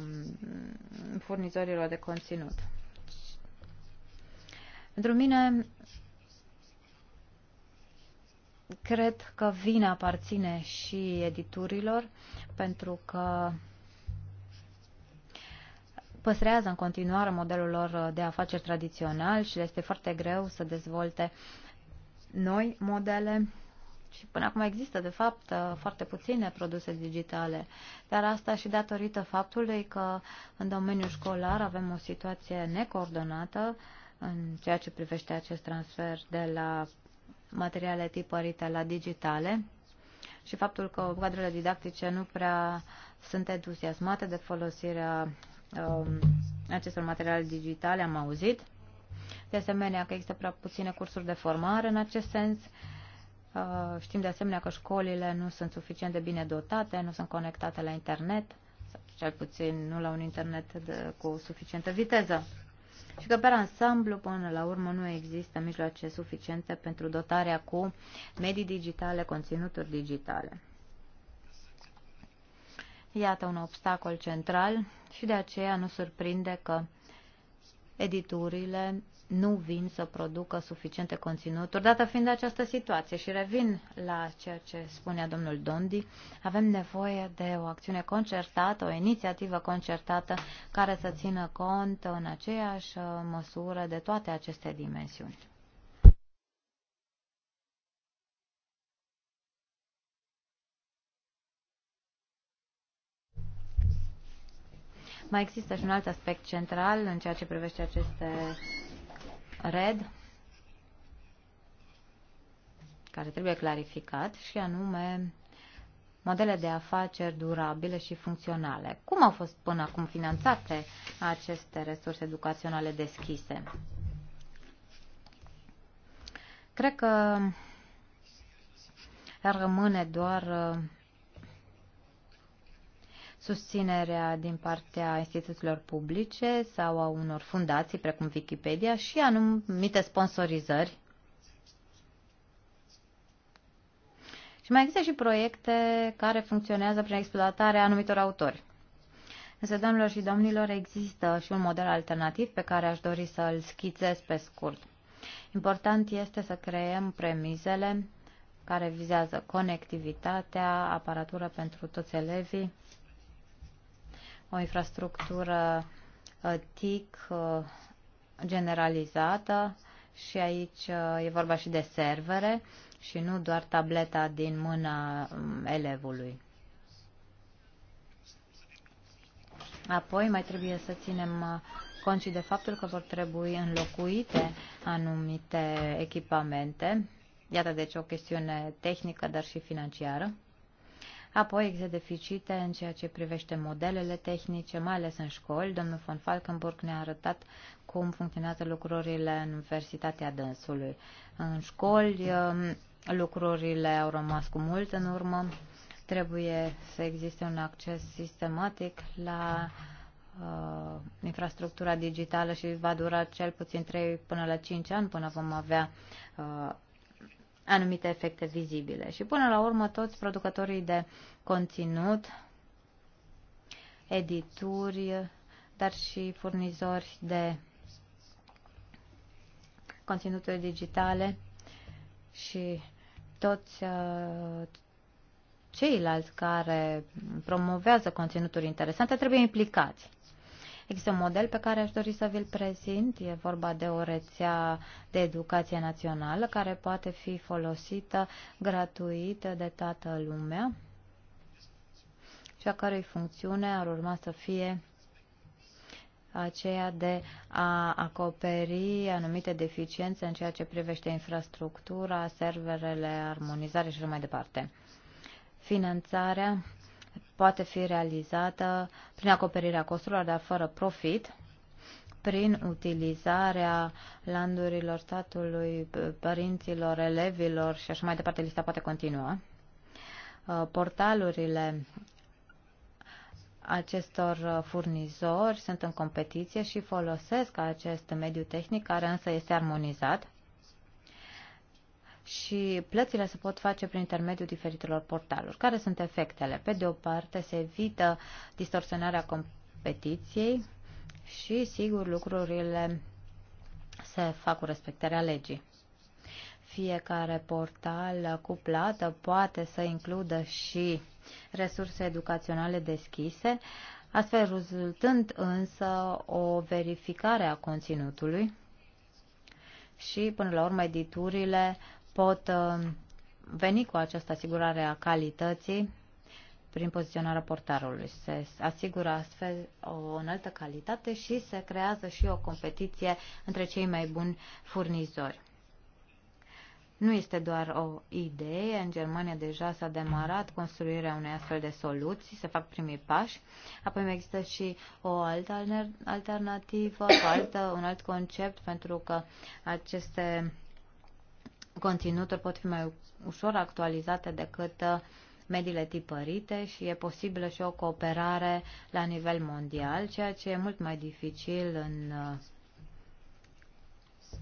furnizorilor de conținut. Pentru mine, cred că vina aparține și editurilor, pentru că păstrează în continuare modelul lor de afaceri tradițional și le este foarte greu să dezvolte noi modele. Și până acum există, de fapt, foarte puține produse digitale, dar asta și datorită faptului că în domeniul școlar avem o situație necoordonată, uh, în ceea ce privește acest transfer de la materiale tipărite la digitale și faptul că cadrele didactice nu prea sunt entuziasmate de folosirea um, acestor materiale digitale, am auzit. De asemenea că există prea puține cursuri de formare în acest sens. Uh, știm de asemenea că școlile nu sunt suficient de bine dotate, nu sunt conectate la internet, sau cel puțin nu la un internet de, cu suficientă viteză și că, pe ansamblu, până la urmă, nu există mijloace suficiente pentru dotarea cu medii digitale, conținuturi digitale. Iată un obstacol central și de aceea nu surprinde că editurile nu vin să producă suficiente conținuturi, dată fiind această situație. Și revin la ceea ce spunea domnul Dondi, avem nevoie de o acțiune concertată, o inițiativă concertată care să țină cont în aceeași uh, măsură de toate aceste dimensiuni. Mai există și un alt aspect central în ceea ce privește aceste red care trebuie clarificat și anume modele de afaceri durabile și funcționale. Cum au fost până acum finanțate aceste resurse educaționale deschise? Cred că ar rămâne doar uh, susținerea din partea instituțiilor publice sau a unor fundații precum Wikipedia și anumite sponsorizări. Și mai există și proiecte care funcționează prin exploatarea anumitor autori. Însă, domnilor și domnilor, există și un model alternativ pe care aș dori să l schițez pe scurt. Important este să creăm premizele care vizează conectivitatea, aparatură pentru toți elevii, o infrastructură uh, TIC uh, generalizată și aici uh, e vorba și de servere și nu doar tableta din mâna um, elevului. Apoi mai trebuie să ținem cont și de faptul că vor trebui înlocuite anumite echipamente. Iată deci o chestiune tehnică, dar și financiară. Apoi există deficite în ceea ce privește modelele tehnice, mai ales în școli. Domnul von Falkenburg ne-a arătat cum funcționează lucrurile în Universitatea Dânsului. În școli um, lucrurile au rămas cu mult în urmă. Trebuie să existe un acces sistematic la uh, infrastructura digitală și va dura cel puțin 3 până la 5 ani până vom avea uh, anumite efecte vizibile. Și până la urmă, toți producătorii de conținut, edituri, dar și furnizori de conținuturi digitale și toți uh, ceilalți care promovează conținuturi interesante trebuie implicați. Există un model pe care aș dori să vi-l prezint. E vorba de o rețea de educație națională care poate fi folosită gratuit de toată lumea și a cărei funcțiune ar urma să fie aceea de a acoperi anumite deficiențe în ceea ce privește infrastructura, serverele, armonizare și așa mai departe. Finanțarea poate fi realizată prin acoperirea costurilor, dar fără profit, prin utilizarea landurilor statului, părinților, elevilor și așa mai departe, lista poate continua. Uh, portalurile acestor furnizori sunt în competiție și folosesc acest mediu tehnic care însă este armonizat și plățile se pot face prin intermediul diferitelor portaluri. Care sunt efectele? Pe de o parte, se evită distorsionarea competiției și, sigur, lucrurile se fac cu respectarea legii. Fiecare portal cu plată poate să includă și resurse educaționale deschise, astfel rezultând însă o verificare a conținutului și, până la urmă, editurile pot uh, veni cu această asigurare a calității prin poziționarea portarului. Se asigură astfel o înaltă calitate și se creează și o competiție între cei mai buni furnizori. Nu este doar o idee, în Germania deja s-a demarat construirea unei astfel de soluții, se fac primii pași, apoi mai există și o altă alternativă, o altă, un alt concept, pentru că aceste conținuturi pot fi mai ușor actualizate decât uh, mediile tipărite și e posibilă și o cooperare la nivel mondial, ceea ce e mult mai dificil în, uh,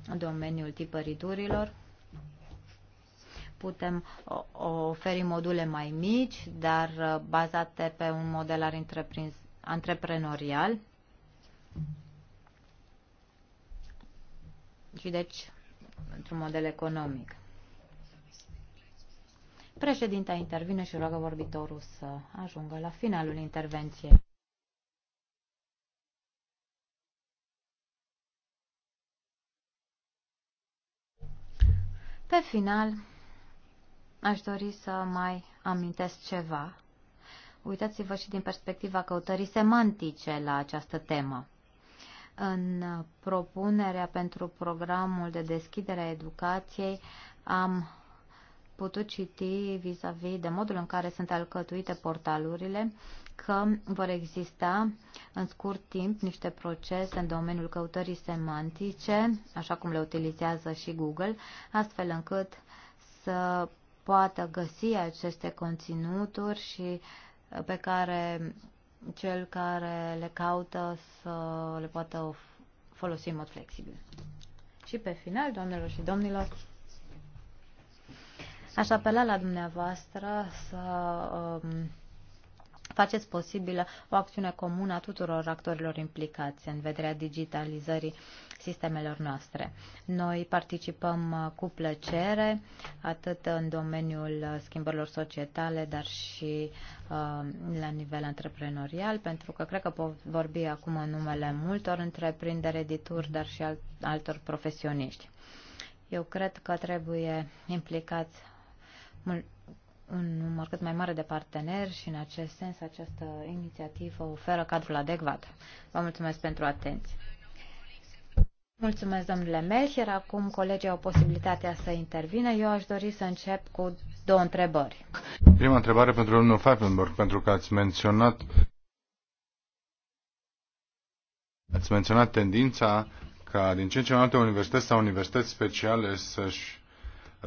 în domeniul tipăriturilor. Putem oferi module mai mici, dar uh, bazate pe un model antreprenorial. Și deci într-un model economic. Președinta intervine și roagă vorbitorul să ajungă la finalul intervenției. Pe final, aș dori să mai amintesc ceva. Uitați-vă și din perspectiva căutării semantice la această temă. În propunerea pentru programul de deschidere a educației am putut citi vis-a-vis -vis de modul în care sunt alcătuite portalurile că vor exista în scurt timp niște procese în domeniul căutării semantice, așa cum le utilizează și Google, astfel încât să poată găsi aceste conținuturi și pe care cel care le caută să le poată folosi în mod flexibil. Și pe final, doamnelor și domnilor, aș apela la dumneavoastră să um, faceți posibilă o acțiune comună a tuturor actorilor implicați în vederea digitalizării sistemelor noastre. Noi participăm uh, cu plăcere atât în domeniul uh, schimbărilor societale, dar și uh, la nivel antreprenorial, pentru că cred că pot vorbi acum în numele multor întreprinderi, edituri, dar și al altor profesioniști. Eu cred că trebuie implicați un număr cât mai mare de parteneri și în acest sens această inițiativă oferă cadrul adecvat. Vă mulțumesc pentru atenție. Mulțumesc, domnule Melcher. Acum colegii au posibilitatea să intervină. Eu aș dori să încep cu două întrebări. Prima întrebare pentru domnul Pfeifenberg, pentru că ați menționat ați menționat tendința ca din ce în ce mai multe universități sau universități speciale să-și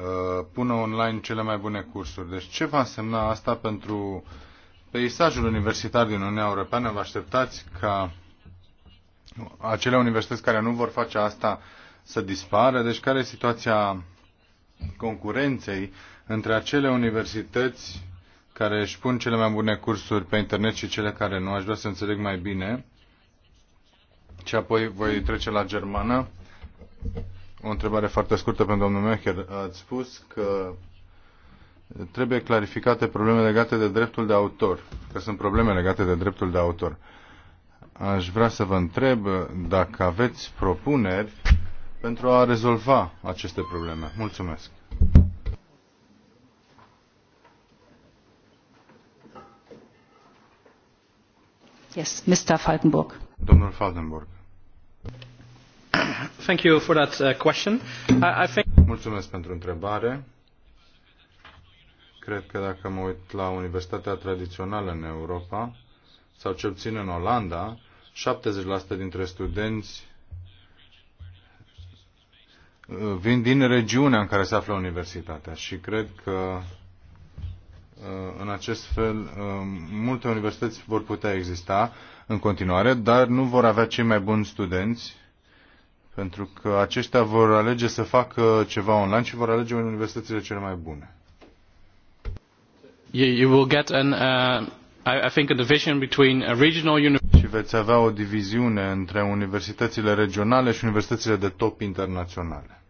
Uh, pună online cele mai bune cursuri. Deci ce va însemna asta pentru peisajul universitar din Uniunea Europeană? Vă așteptați ca acele universități care nu vor face asta să dispară? Deci care e situația concurenței între acele universități care își pun cele mai bune cursuri pe internet și cele care nu? Aș vrea să înțeleg mai bine. Și apoi voi trece la germană. O întrebare foarte scurtă pentru domnul Mecher. Ați spus că trebuie clarificate probleme legate de dreptul de autor, că sunt probleme legate de dreptul de autor. Aș vrea să vă întreb dacă aveți propuneri pentru a rezolva aceste probleme. Mulțumesc. Yes, Mr. Falkenburg. Domnul Falkenburg. Thank you for that uh, question. I, think... Mulțumesc pentru întrebare. Cred că dacă mă uit la universitatea tradițională în Europa, sau cel puțin în Olanda, 70% dintre studenți uh, vin din regiunea în care se află universitatea și cred că uh, în acest fel multe universități vor putea exista în continuare, dar nu vor avea cei mai buni studenți pentru că aceștia vor alege să facă ceva online și vor alege universitățile cele mai bune. You, will get an, uh, I, I think a division between a regional și veți avea o diviziune între universitățile regionale și universitățile de top internaționale.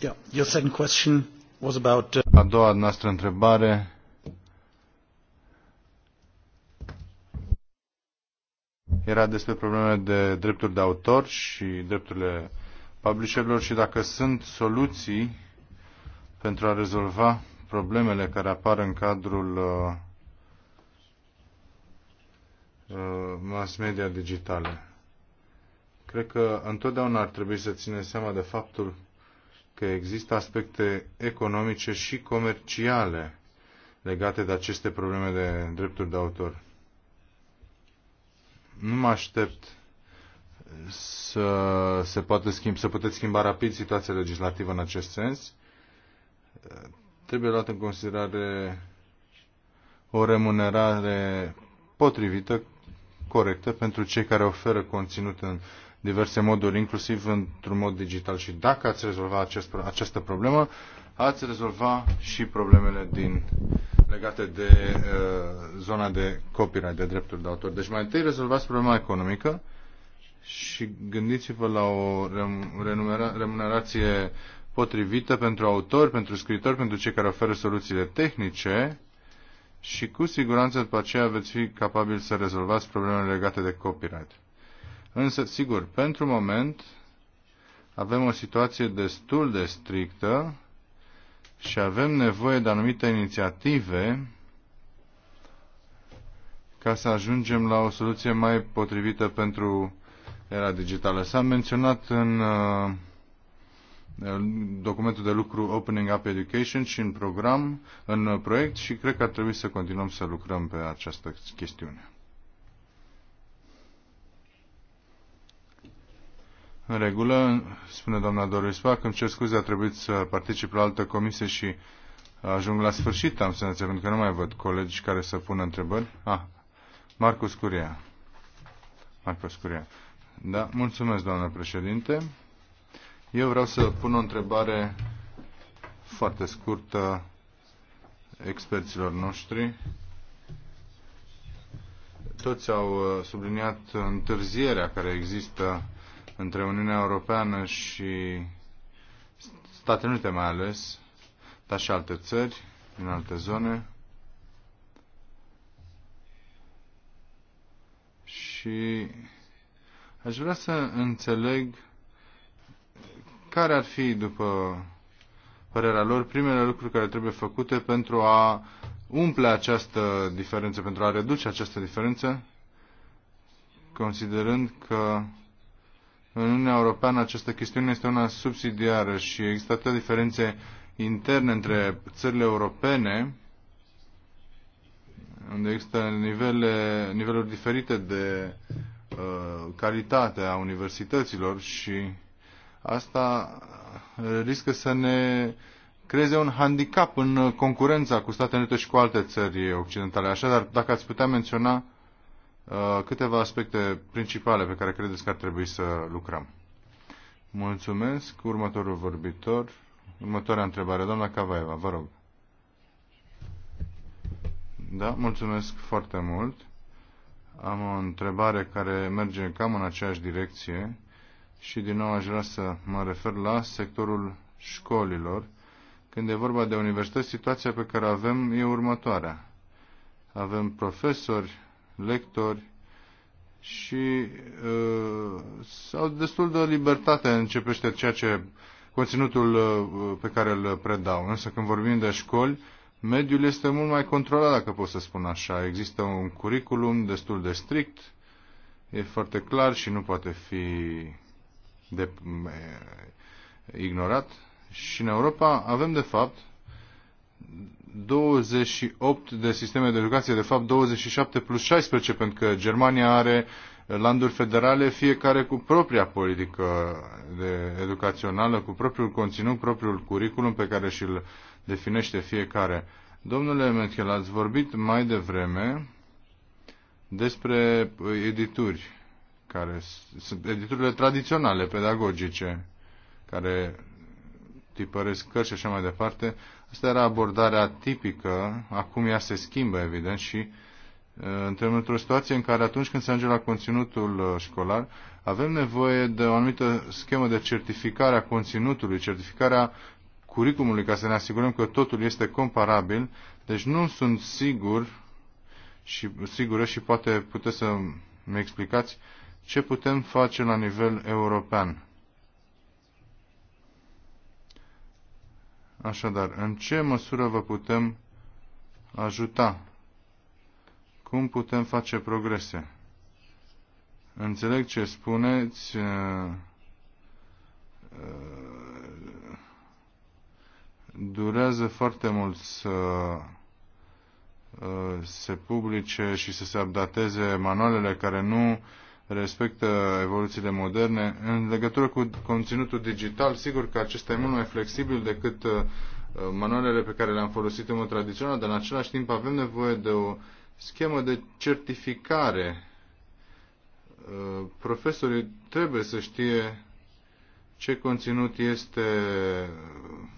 Yeah, your second question was about, uh... A doua noastră întrebare era despre probleme de drepturi de autor și drepturile publisherilor și dacă sunt soluții pentru a rezolva problemele care apar în cadrul uh, uh, mass media digitale. Cred că întotdeauna ar trebui să ține seama de faptul că există aspecte economice și comerciale legate de aceste probleme de drepturi de autor. Nu mă aștept să, se poată schimba, să puteți schimba rapid situația legislativă în acest sens. Trebuie luat în considerare o remunerare potrivită, corectă, pentru cei care oferă conținut în diverse moduri, inclusiv într-un mod digital. Și dacă ați rezolva acest, această problemă, ați rezolva și problemele din legate de uh, zona de copyright, de drepturi de autor. Deci mai întâi rezolvați problema economică și gândiți-vă la o remunerație potrivită pentru autori, pentru scriitori, pentru cei care oferă soluțiile tehnice și cu siguranță după aceea veți fi capabili să rezolvați problemele legate de copyright. Însă, sigur, pentru moment avem o situație destul de strictă și avem nevoie de anumite inițiative ca să ajungem la o soluție mai potrivită pentru era digitală. S-a menționat în uh, documentul de lucru Opening Up Education și în program, în proiect și cred că ar trebui să continuăm să lucrăm pe această chestiune. În regulă, spune doamna Doris că îmi cer scuze, a trebuit să particip la altă comisie și ajung la sfârșit, am senzația, pentru că nu mai văd colegi care să pună întrebări. Ah, Marcus Curia. Marcus Curia. Da, mulțumesc, doamna președinte. Eu vreau să pun o întrebare foarte scurtă experților noștri. Toți au uh, subliniat întârzierea care există între Uniunea Europeană și Statele Unite mai ales, dar și alte țări din alte zone. Și aș vrea să înțeleg care ar fi, după părerea lor, primele lucruri care trebuie făcute pentru a umple această diferență, pentru a reduce această diferență, considerând că în Uniunea Europeană această chestiune este una subsidiară și există atâtea diferențe interne între țările europene, unde există nivele, niveluri diferite de uh, calitate a universităților și asta riscă să ne creeze un handicap în concurența cu Statele Unite și cu alte țări occidentale. Așadar, dacă ați putea menționa Uh, câteva aspecte principale pe care credeți că ar trebui să lucrăm. Mulțumesc. Următorul vorbitor. Următoarea întrebare, doamna Cavaeva, vă rog. Da, mulțumesc foarte mult. Am o întrebare care merge cam în aceeași direcție și din nou aș vrea să mă refer la sectorul școlilor. Când e vorba de universități, situația pe care o avem e următoarea. Avem profesori lectori și uh, au destul de libertate începește ceea ce conținutul uh, pe care îl predau. Însă când vorbim de școli, mediul este mult mai controlat, dacă pot să spun așa. Există un curriculum destul de strict, e foarte clar și nu poate fi de, eh, ignorat. Și în Europa avem, de fapt, 28 de sisteme de educație, de fapt 27 plus 16, pentru că Germania are landuri federale, fiecare cu propria politică de educațională, cu propriul conținut, propriul curriculum pe care și-l definește fiecare. Domnule Menchel, ați vorbit mai devreme despre edituri, care sunt editurile tradiționale, pedagogice, care tipăresc cărți și așa mai departe. Asta era abordarea tipică, acum ea se schimbă, evident, și suntem uh, într-o situație în care atunci când se ajunge la conținutul uh, școlar, avem nevoie de o anumită schemă de certificare a conținutului, certificarea curriculumului, ca să ne asigurăm că totul este comparabil. Deci nu sunt sigur și sigură și poate puteți să mi explicați ce putem face la nivel european Așadar, în ce măsură vă putem ajuta? Cum putem face progrese? Înțeleg ce spuneți. Uh, uh, durează foarte mult să uh, se publice și să se updateze manualele care nu respectă evoluțiile moderne. În legătură cu conținutul digital, sigur că acesta e mult mai flexibil decât uh, manualele pe care le-am folosit în mod tradițional, dar în același timp avem nevoie de o schemă de certificare. Uh, profesorii trebuie să știe ce conținut este uh,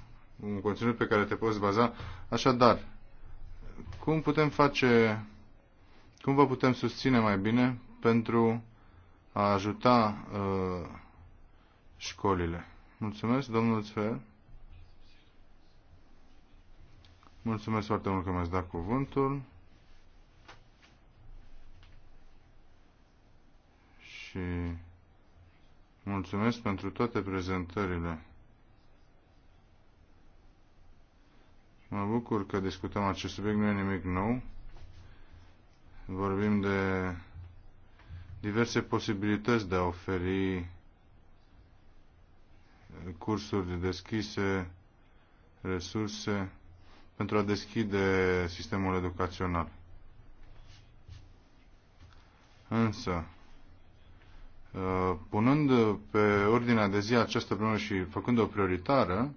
un conținut pe care te poți baza. Așadar, cum putem face, cum vă putem susține mai bine pentru a ajuta uh, școlile. Mulțumesc, domnul Sfer. Mulțumesc foarte mult că mi-ați dat cuvântul. Și mulțumesc pentru toate prezentările. Mă bucur că discutăm acest subiect, nu e nimic nou. Vorbim de diverse posibilități de a oferi eh, cursuri deschise, resurse pentru a deschide sistemul educațional. Însă, eh, punând pe ordinea de zi această problemă și făcând-o prioritară,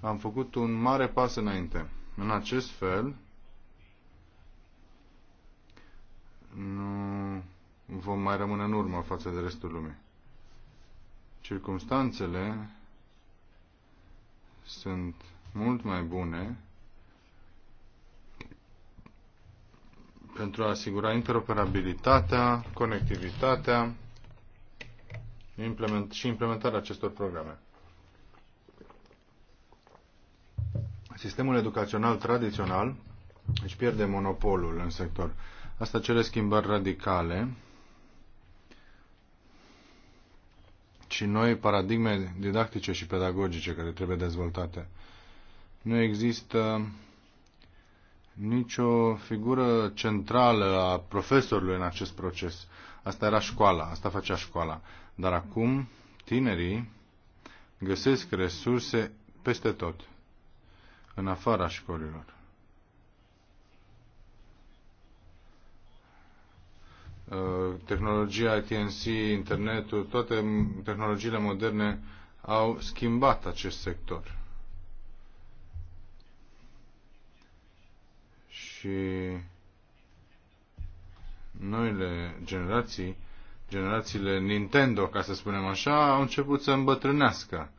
am făcut un mare pas înainte. În acest fel, nu vom mai rămâne în urmă față de restul lumii. Circumstanțele sunt mult mai bune pentru a asigura interoperabilitatea, conectivitatea implement, și implementarea acestor programe. Sistemul educațional tradițional își pierde monopolul în sector Asta cere schimbări radicale și noi paradigme didactice și pedagogice care trebuie dezvoltate. Nu există nicio figură centrală a profesorului în acest proces. Asta era școala, asta facea școala. Dar acum tinerii găsesc resurse peste tot, în afara școlilor. Uh, tehnologia ITNC internetul, toate tehnologiile moderne au schimbat acest sector. Și noile generații, generațiile Nintendo, ca să spunem așa, au început să îmbătrânească.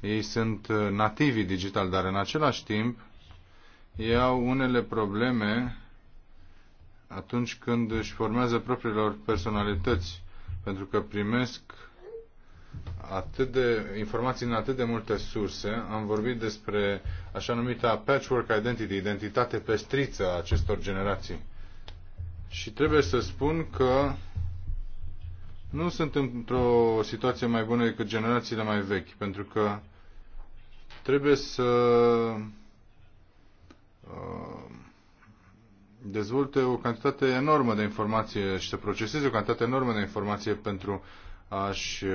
Ei sunt uh, nativi digital, dar în același timp ei au unele probleme atunci când își formează propriilor personalități, pentru că primesc atât de, informații în atât de multe surse. Am vorbit despre așa numita patchwork identity, identitate pestriță a acestor generații. Și trebuie să spun că nu sunt într-o situație mai bună decât generațiile mai vechi, pentru că trebuie să uh, dezvolte o cantitate enormă de informație și să proceseze o cantitate enormă de informație pentru a-și uh,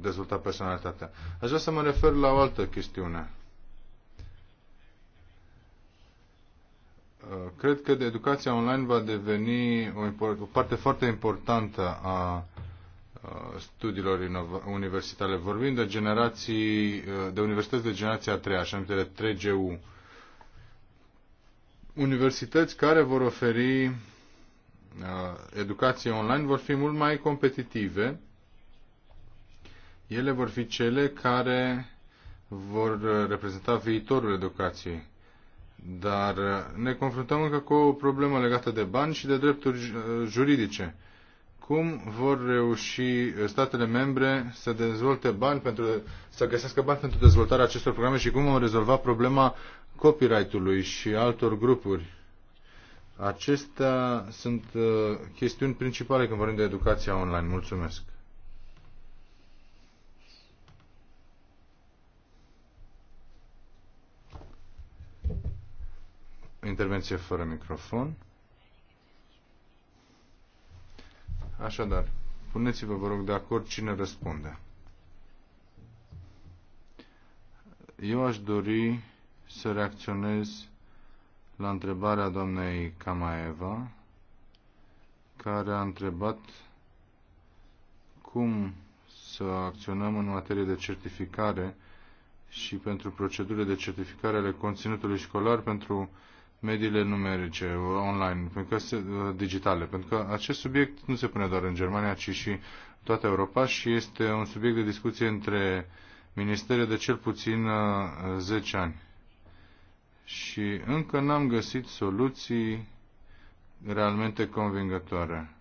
dezvolta personalitatea. Aș vrea să mă refer la o altă chestiune. Uh, cred că de educația online va deveni o, o parte foarte importantă a uh, studiilor universitare. Vorbim de generații, de universități de generația a treia, așa numitele 3GU universități care vor oferi uh, educație online vor fi mult mai competitive. Ele vor fi cele care vor uh, reprezenta viitorul educației. Dar uh, ne confruntăm încă cu o problemă legată de bani și de drepturi uh, juridice. Cum vor reuși statele membre să dezvolte bani pentru, să găsească bani pentru dezvoltarea acestor programe și cum vom rezolva problema copyright-ului și altor grupuri. Acestea sunt uh, chestiuni principale când vorbim de educația online. Mulțumesc! Intervenție fără microfon. Așadar, puneți-vă, vă rog, de acord cine răspunde. Eu aș dori să reacționez la întrebarea doamnei Camaeva, care a întrebat cum să acționăm în materie de certificare și pentru procedurile de certificare ale conținutului școlar pentru mediile numerice, online, pentru că, uh, digitale, pentru că acest subiect nu se pune doar în Germania, ci și în toată Europa și este un subiect de discuție între ministere de cel puțin 10 uh, ani și încă n-am găsit soluții realmente convingătoare.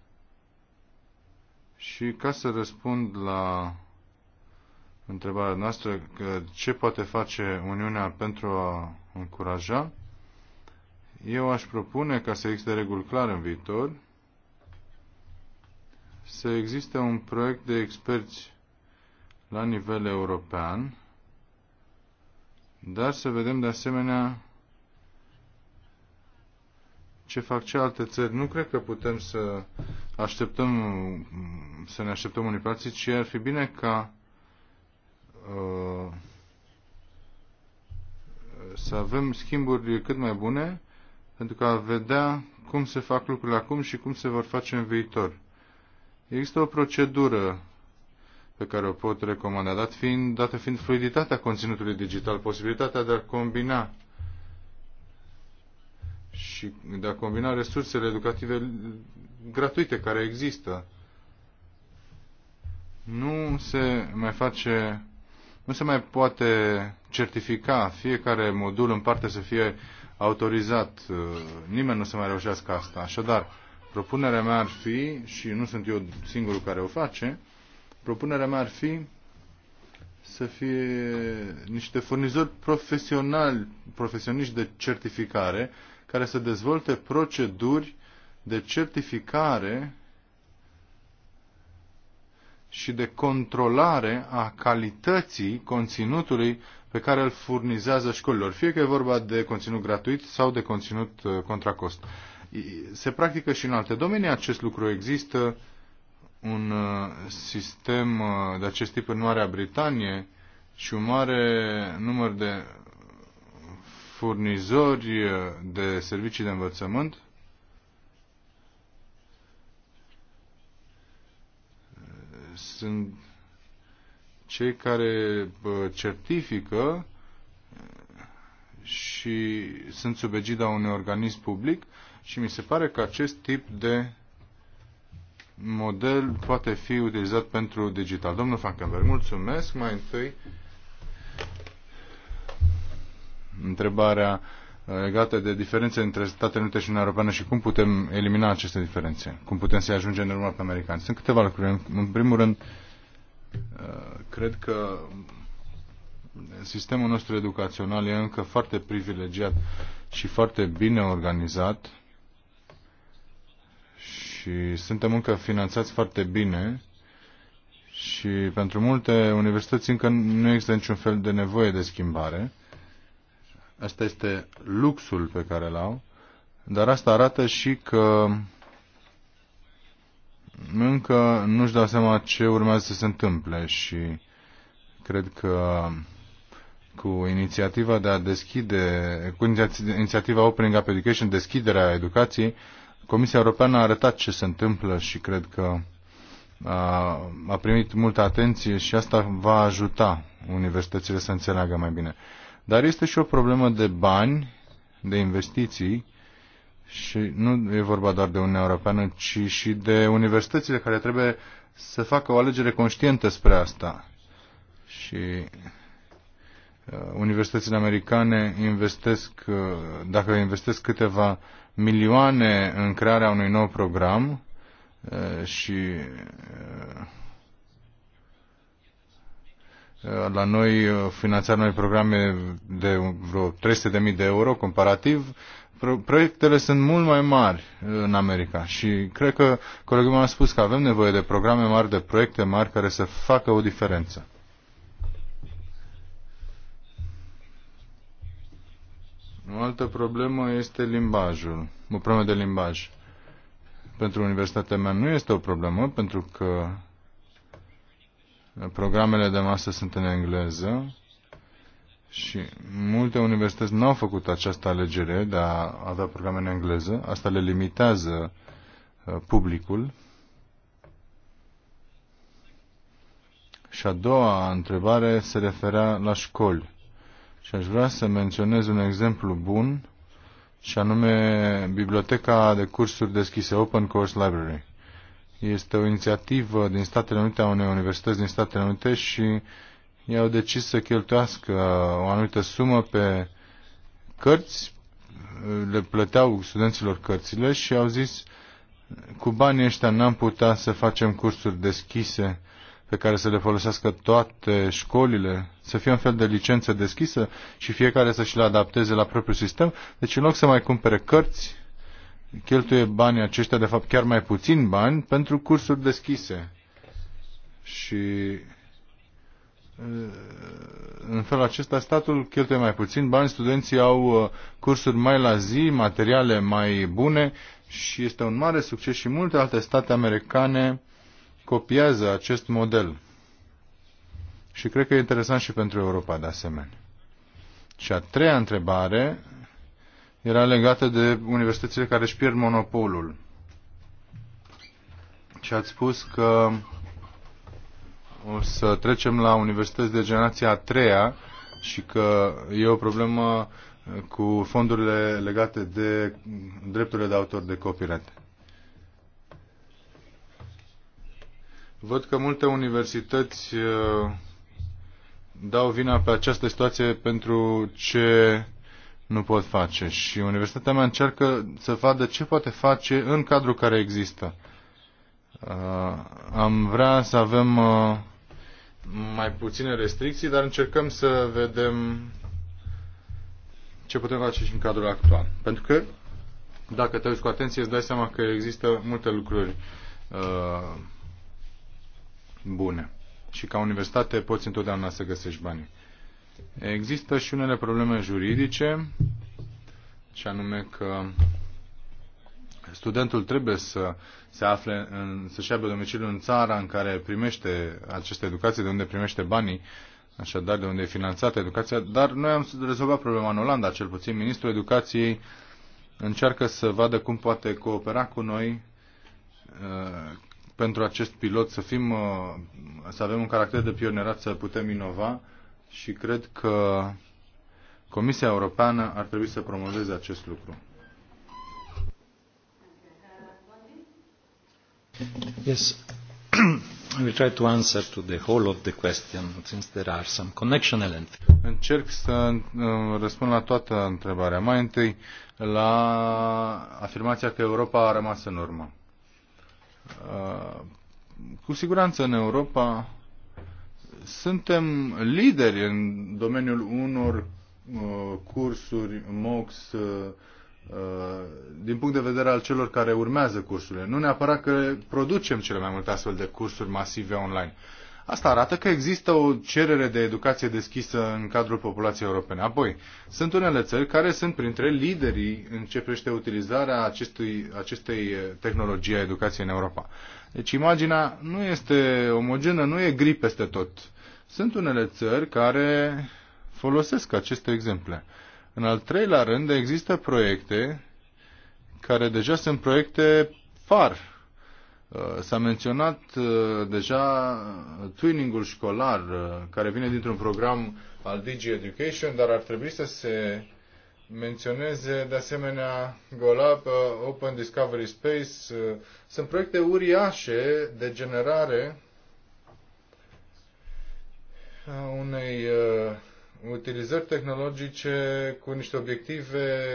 Și ca să răspund la întrebarea noastră că ce poate face Uniunea pentru a încuraja, eu aș propune ca să existe reguli clare în viitor, să existe un proiect de experți la nivel european, dar să vedem de asemenea ce fac ce alte țări. Nu cred că putem să așteptăm, să ne așteptăm unii pe ci ar fi bine ca uh, să avem schimburi cât mai bune pentru că a vedea cum se fac lucrurile acum și cum se vor face în viitor. Există o procedură pe care o pot recomanda, dat fiind, dată fiind fluiditatea conținutului digital, posibilitatea de a combina și de a combina resursele educative gratuite care există. Nu se mai face, nu se mai poate certifica fiecare modul în parte să fie autorizat. Nimeni nu se mai reușească asta. Așadar, propunerea mea ar fi, și nu sunt eu singurul care o face, propunerea mea ar fi să fie niște furnizori profesionali, profesioniști de certificare, care să dezvolte proceduri de certificare și de controlare a calității conținutului pe care îl furnizează școlilor, fie că e vorba de conținut gratuit sau de conținut uh, contra cost. Se practică și în alte domenii acest lucru. Există un uh, sistem uh, de acest tip în Marea Britanie și un mare număr de furnizori de servicii de învățământ sunt cei care certifică și sunt sub egida unui organism public și mi se pare că acest tip de model poate fi utilizat pentru digital. Domnul Fankenberg, mulțumesc. Mai întâi întrebarea uh, legată de diferențe între Statele Unite și Uniunea Europeană și cum putem elimina aceste diferențe, cum putem să-i ajungem în urmă pe americani. Sunt câteva lucruri. În primul rând, uh, cred că sistemul nostru educațional e încă foarte privilegiat și foarte bine organizat și suntem încă finanțați foarte bine și pentru multe universități încă nu există niciun fel de nevoie de schimbare Asta este luxul pe care îl au, dar asta arată și că încă nu-și dau seama ce urmează să se întâmple și cred că cu inițiativa de a deschide, cu inițiativa Opening Up Education, deschiderea educației, Comisia Europeană a arătat ce se întâmplă și cred că a, a primit multă atenție și asta va ajuta universitățile să înțeleagă mai bine. Dar este și o problemă de bani, de investiții, și nu e vorba doar de Uniunea Europeană, ci și de universitățile care trebuie să facă o alegere conștientă spre asta. Și uh, universitățile americane investesc, uh, dacă investesc câteva milioane în crearea unui nou program uh, și Uh, la noi uh, finanțarea noi programe de vreo 300.000 de euro comparativ. Proiectele sunt mult mai mari uh, în America și cred că colegul meu a spus că avem nevoie de programe mari, de proiecte mari care să facă o diferență. O altă problemă este limbajul, o problemă de limbaj. Pentru universitatea mea nu este o problemă, pentru că Programele de masă sunt în engleză și multe universități nu au făcut această alegere de a avea programe în engleză. Asta le limitează uh, publicul. Și a doua întrebare se referea la școli. Și aș vrea să menționez un exemplu bun, și anume Biblioteca de Cursuri Deschise, Open Course Library. Este o inițiativă din Statele Unite a unei universități din Statele Unite și ei au decis să cheltuiască o anumită sumă pe cărți, le plăteau studenților cărțile și au zis cu banii ăștia n-am putea să facem cursuri deschise pe care să le folosească toate școlile, să fie un fel de licență deschisă și fiecare să-și le adapteze la propriul sistem. Deci în loc să mai cumpere cărți, cheltuie banii aceștia, de fapt chiar mai puțin bani, pentru cursuri deschise. Și uh, în felul acesta statul cheltuie mai puțin bani, studenții au uh, cursuri mai la zi, materiale mai bune și este un mare succes și multe alte state americane copiază acest model. Și cred că e interesant și pentru Europa de asemenea. Și a treia întrebare era legată de universitățile care își pierd monopolul. Și ați spus că o să trecem la universități de generația a treia și că e o problemă cu fondurile legate de drepturile de autor de copyright. Văd că multe universități uh, dau vina pe această situație pentru ce nu pot face. Și universitatea mea încearcă să vadă ce poate face în cadrul care există. Uh, am vrea să avem uh, mai puține restricții, dar încercăm să vedem ce putem face și în cadrul actual. Pentru că, dacă te uiți cu atenție, îți dai seama că există multe lucruri uh, bune. Și ca universitate poți întotdeauna să găsești banii. Există și unele probleme juridice, și anume că studentul trebuie să se afle în, să-și aibă domiciliul în țara în care primește această educație, de unde primește banii, așadar de unde e finanțată educația, dar noi am rezolvat problema în Olanda, cel puțin ministrul educației încearcă să vadă cum poate coopera cu noi uh, pentru acest pilot, să, fim, uh, să avem un caracter de pionerat, să putem inova și cred că Comisia Europeană ar trebui să promoveze acest lucru. Yes. I will try to answer to the whole of the question since there are some connection elements. Încerc să uh, răspund la toată întrebarea. Mai întâi la afirmația că Europa a rămas în urmă. Uh, cu siguranță în Europa suntem lideri în domeniul unor uh, cursuri MOX uh, din punct de vedere al celor care urmează cursurile. Nu neapărat că producem cele mai multe astfel de cursuri masive online. Asta arată că există o cerere de educație deschisă în cadrul populației europene. Apoi, sunt unele țări care sunt printre liderii în ce privește utilizarea acestui, acestei uh, tehnologii a educației în Europa. Deci imaginea nu este omogenă, nu e gri peste tot. Sunt unele țări care folosesc aceste exemple. În al treilea rând, există proiecte care deja sunt proiecte far. Uh, s-a menționat uh, deja twinning-ul școlar, uh, care vine dintr-un program al Digi Education, dar ar trebui să se menționeze de asemenea GoLab, uh, Open Discovery Space. Uh, sunt proiecte uriașe de generare a unei uh, utilizări tehnologice cu niște obiective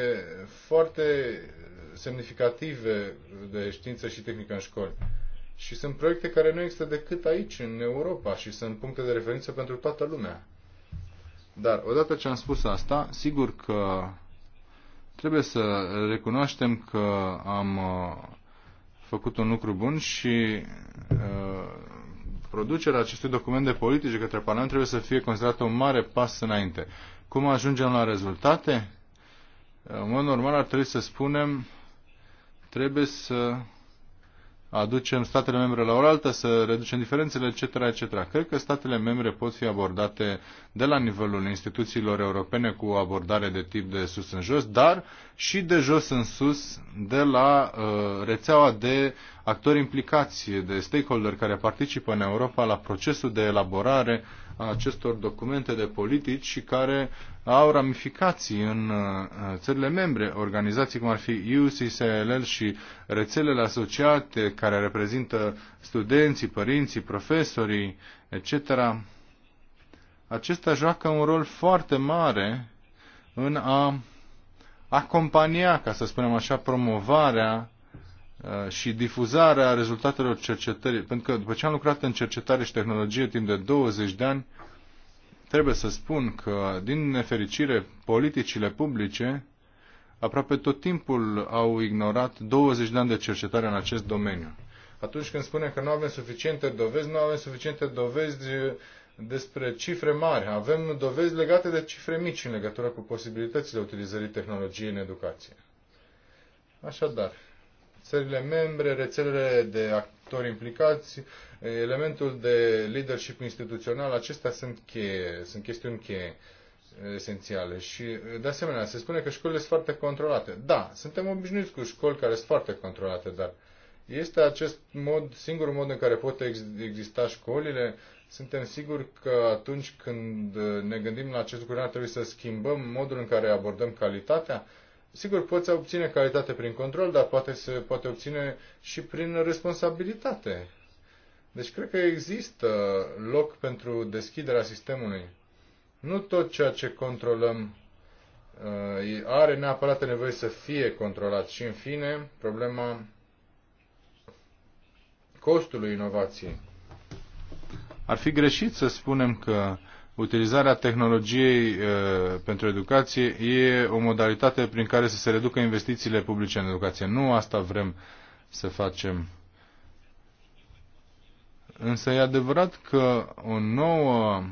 foarte semnificative de știință și tehnică în școli. Și sunt proiecte care nu există decât aici, în Europa, și sunt puncte de referință pentru toată lumea. Dar odată ce am spus asta, sigur că Trebuie să recunoaștem că am uh, făcut un lucru bun și uh, producerea acestui document de politice către Parlament trebuie să fie considerată un mare pas înainte. Cum ajungem la rezultate? În mod normal ar trebui să spunem trebuie să aducem statele membre la oaltă, să reducem diferențele, etc., etc. Cred că statele membre pot fi abordate de la nivelul instituțiilor europene cu abordare de tip de sus în jos, dar și de jos în sus de la uh, rețeaua de actori implicați, de stakeholder care participă în Europa la procesul de elaborare a acestor documente de politici și care au ramificații în uh, țările membre. Organizații cum ar fi UCSLL și rețelele asociate care reprezintă studenții, părinții, profesorii, etc. Acesta joacă un rol foarte mare în a acompania, ca să spunem așa, promovarea Uh, și difuzarea rezultatelor cercetării. Pentru că după ce am lucrat în cercetare și tehnologie timp de 20 de ani, trebuie să spun că, din nefericire, politicile publice aproape tot timpul au ignorat 20 de ani de cercetare în acest domeniu. Atunci când spunem că nu avem suficiente dovezi, nu avem suficiente dovezi uh, despre cifre mari. Avem dovezi legate de cifre mici în legătură cu posibilitățile utilizării tehnologiei în educație. Așadar, țările membre, rețelele de actori implicați, elementul de leadership instituțional, acestea sunt cheie, sunt chestiuni cheie esențiale. Și, de asemenea, se spune că școlile sunt foarte controlate. Da, suntem obișnuiți cu școli care sunt foarte controlate, dar este acest mod, singurul mod în care pot exista școlile. Suntem siguri că atunci când ne gândim la acest lucru, ar trebui să schimbăm modul în care abordăm calitatea. Sigur, poți obține calitate prin control, dar poate se poate obține și prin responsabilitate. Deci cred că există loc pentru deschiderea sistemului. Nu tot ceea ce controlăm uh, are neapărat nevoie să fie controlat. Și în fine, problema costului inovației. Ar fi greșit să spunem că utilizarea tehnologiei uh, pentru educație e o modalitate prin care să se reducă investițiile publice în educație. Nu asta vrem să facem. Însă e adevărat că o nouă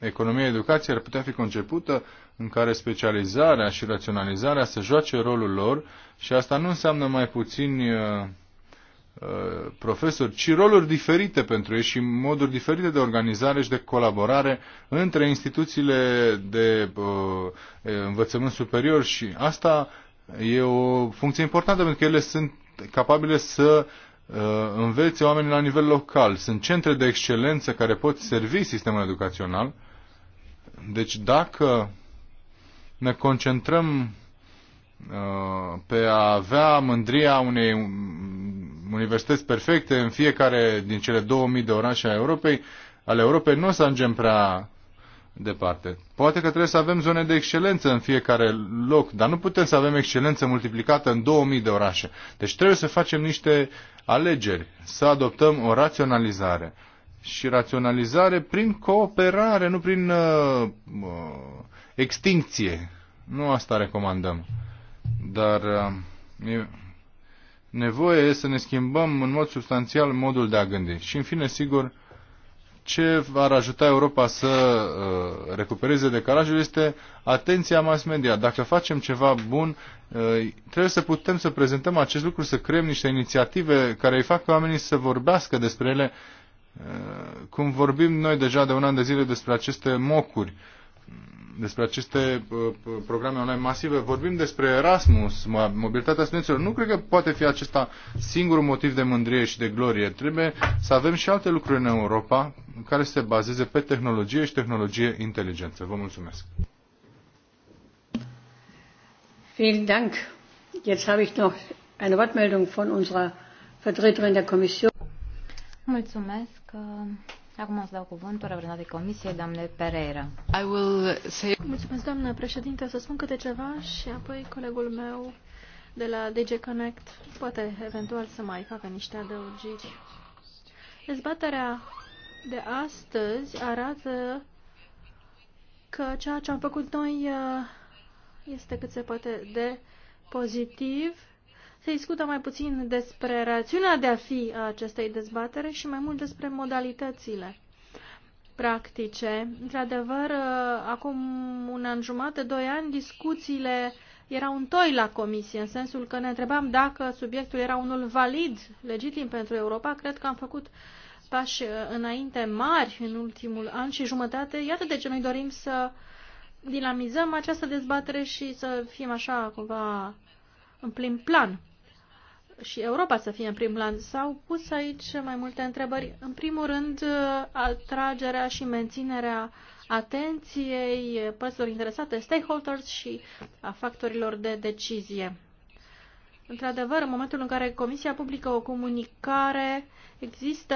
economie educației ar putea fi concepută în care specializarea și raționalizarea să joace rolul lor și asta nu înseamnă mai puțin uh, Uh, profesori, ci roluri diferite pentru ei și moduri diferite de organizare și de colaborare între instituțiile de uh, învățământ superior și asta e o funcție importantă pentru că ele sunt capabile să uh, învețe oamenii la nivel local. Sunt centre de excelență care pot servi sistemul educațional. Deci dacă ne concentrăm Uh, pe a avea mândria unei universități perfecte în fiecare din cele 2000 de orașe ale Europei, ale Europei nu o să ajungem prea departe. Poate că trebuie să avem zone de excelență în fiecare loc, dar nu putem să avem excelență multiplicată în 2000 de orașe. Deci trebuie să facem niște alegeri, să adoptăm o raționalizare. Și raționalizare prin cooperare, nu prin uh, uh extincție. Nu asta recomandăm. Dar uh, e nevoie să ne schimbăm în mod substanțial modul de a gândi. Și în fine, sigur, ce ar ajuta Europa să uh, recupereze decalajul este atenția mass media. Dacă facem ceva bun, uh, trebuie să putem să prezentăm acest lucru, să creăm niște inițiative care îi fac pe oamenii să vorbească despre ele, uh, cum vorbim noi deja de un an de zile despre aceste mocuri. Uh, despre aceste uh, programe online masive, vorbim despre Erasmus, mobilitatea studenților. Nu cred că poate fi acesta singurul motiv de mândrie și de glorie. Trebuie să avem și alte lucruri în Europa care se bazeze pe tehnologie și tehnologie inteligență. Vă mulțumesc. Vielen Dank. Jetzt habe ich noch eine Wortmeldung von unserer Vertreterin der Kommission. Mulțumesc. Acum îți dau cuvântul reprezentantei Comisiei, doamne Pereira. I will say... Mulțumesc, doamnă președinte. O să spun câte ceva și apoi colegul meu de la DG Connect poate eventual să mai facă niște adăugiri. Dezbaterea de astăzi arată că ceea ce am făcut noi uh, este cât se poate de pozitiv se discută mai puțin despre rațiunea de a fi a acestei dezbatere și mai mult despre modalitățile practice. Într-adevăr, acum un an jumate, doi ani, discuțiile erau un toi la comisie, în sensul că ne întrebam dacă subiectul era unul valid, legitim pentru Europa. Cred că am făcut pași înainte mari în ultimul an și jumătate. Iată de ce noi dorim să dinamizăm această dezbatere și să fim așa cumva în plin plan și Europa să fie în prim plan. S-au pus aici mai multe întrebări. În primul rând, atragerea și menținerea atenției părților interesate, stakeholders și a factorilor de decizie. Într-adevăr, în momentul în care Comisia publică o comunicare, există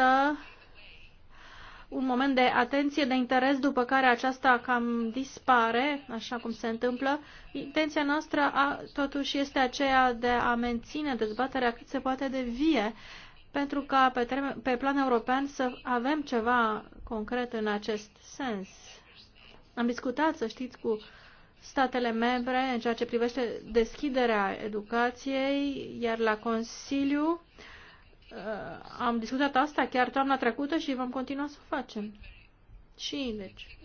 un moment de atenție, de interes, după care aceasta cam dispare, așa cum se întâmplă. Intenția noastră a, totuși este aceea de a menține dezbaterea cât se poate de vie, pentru ca pe, termen, pe plan european să avem ceva concret în acest sens. Am discutat, să știți, cu statele membre în ceea ce privește deschiderea educației, iar la Consiliu Uh, am discutat asta chiar toamna trecută și vom continua să o facem. Și, deci,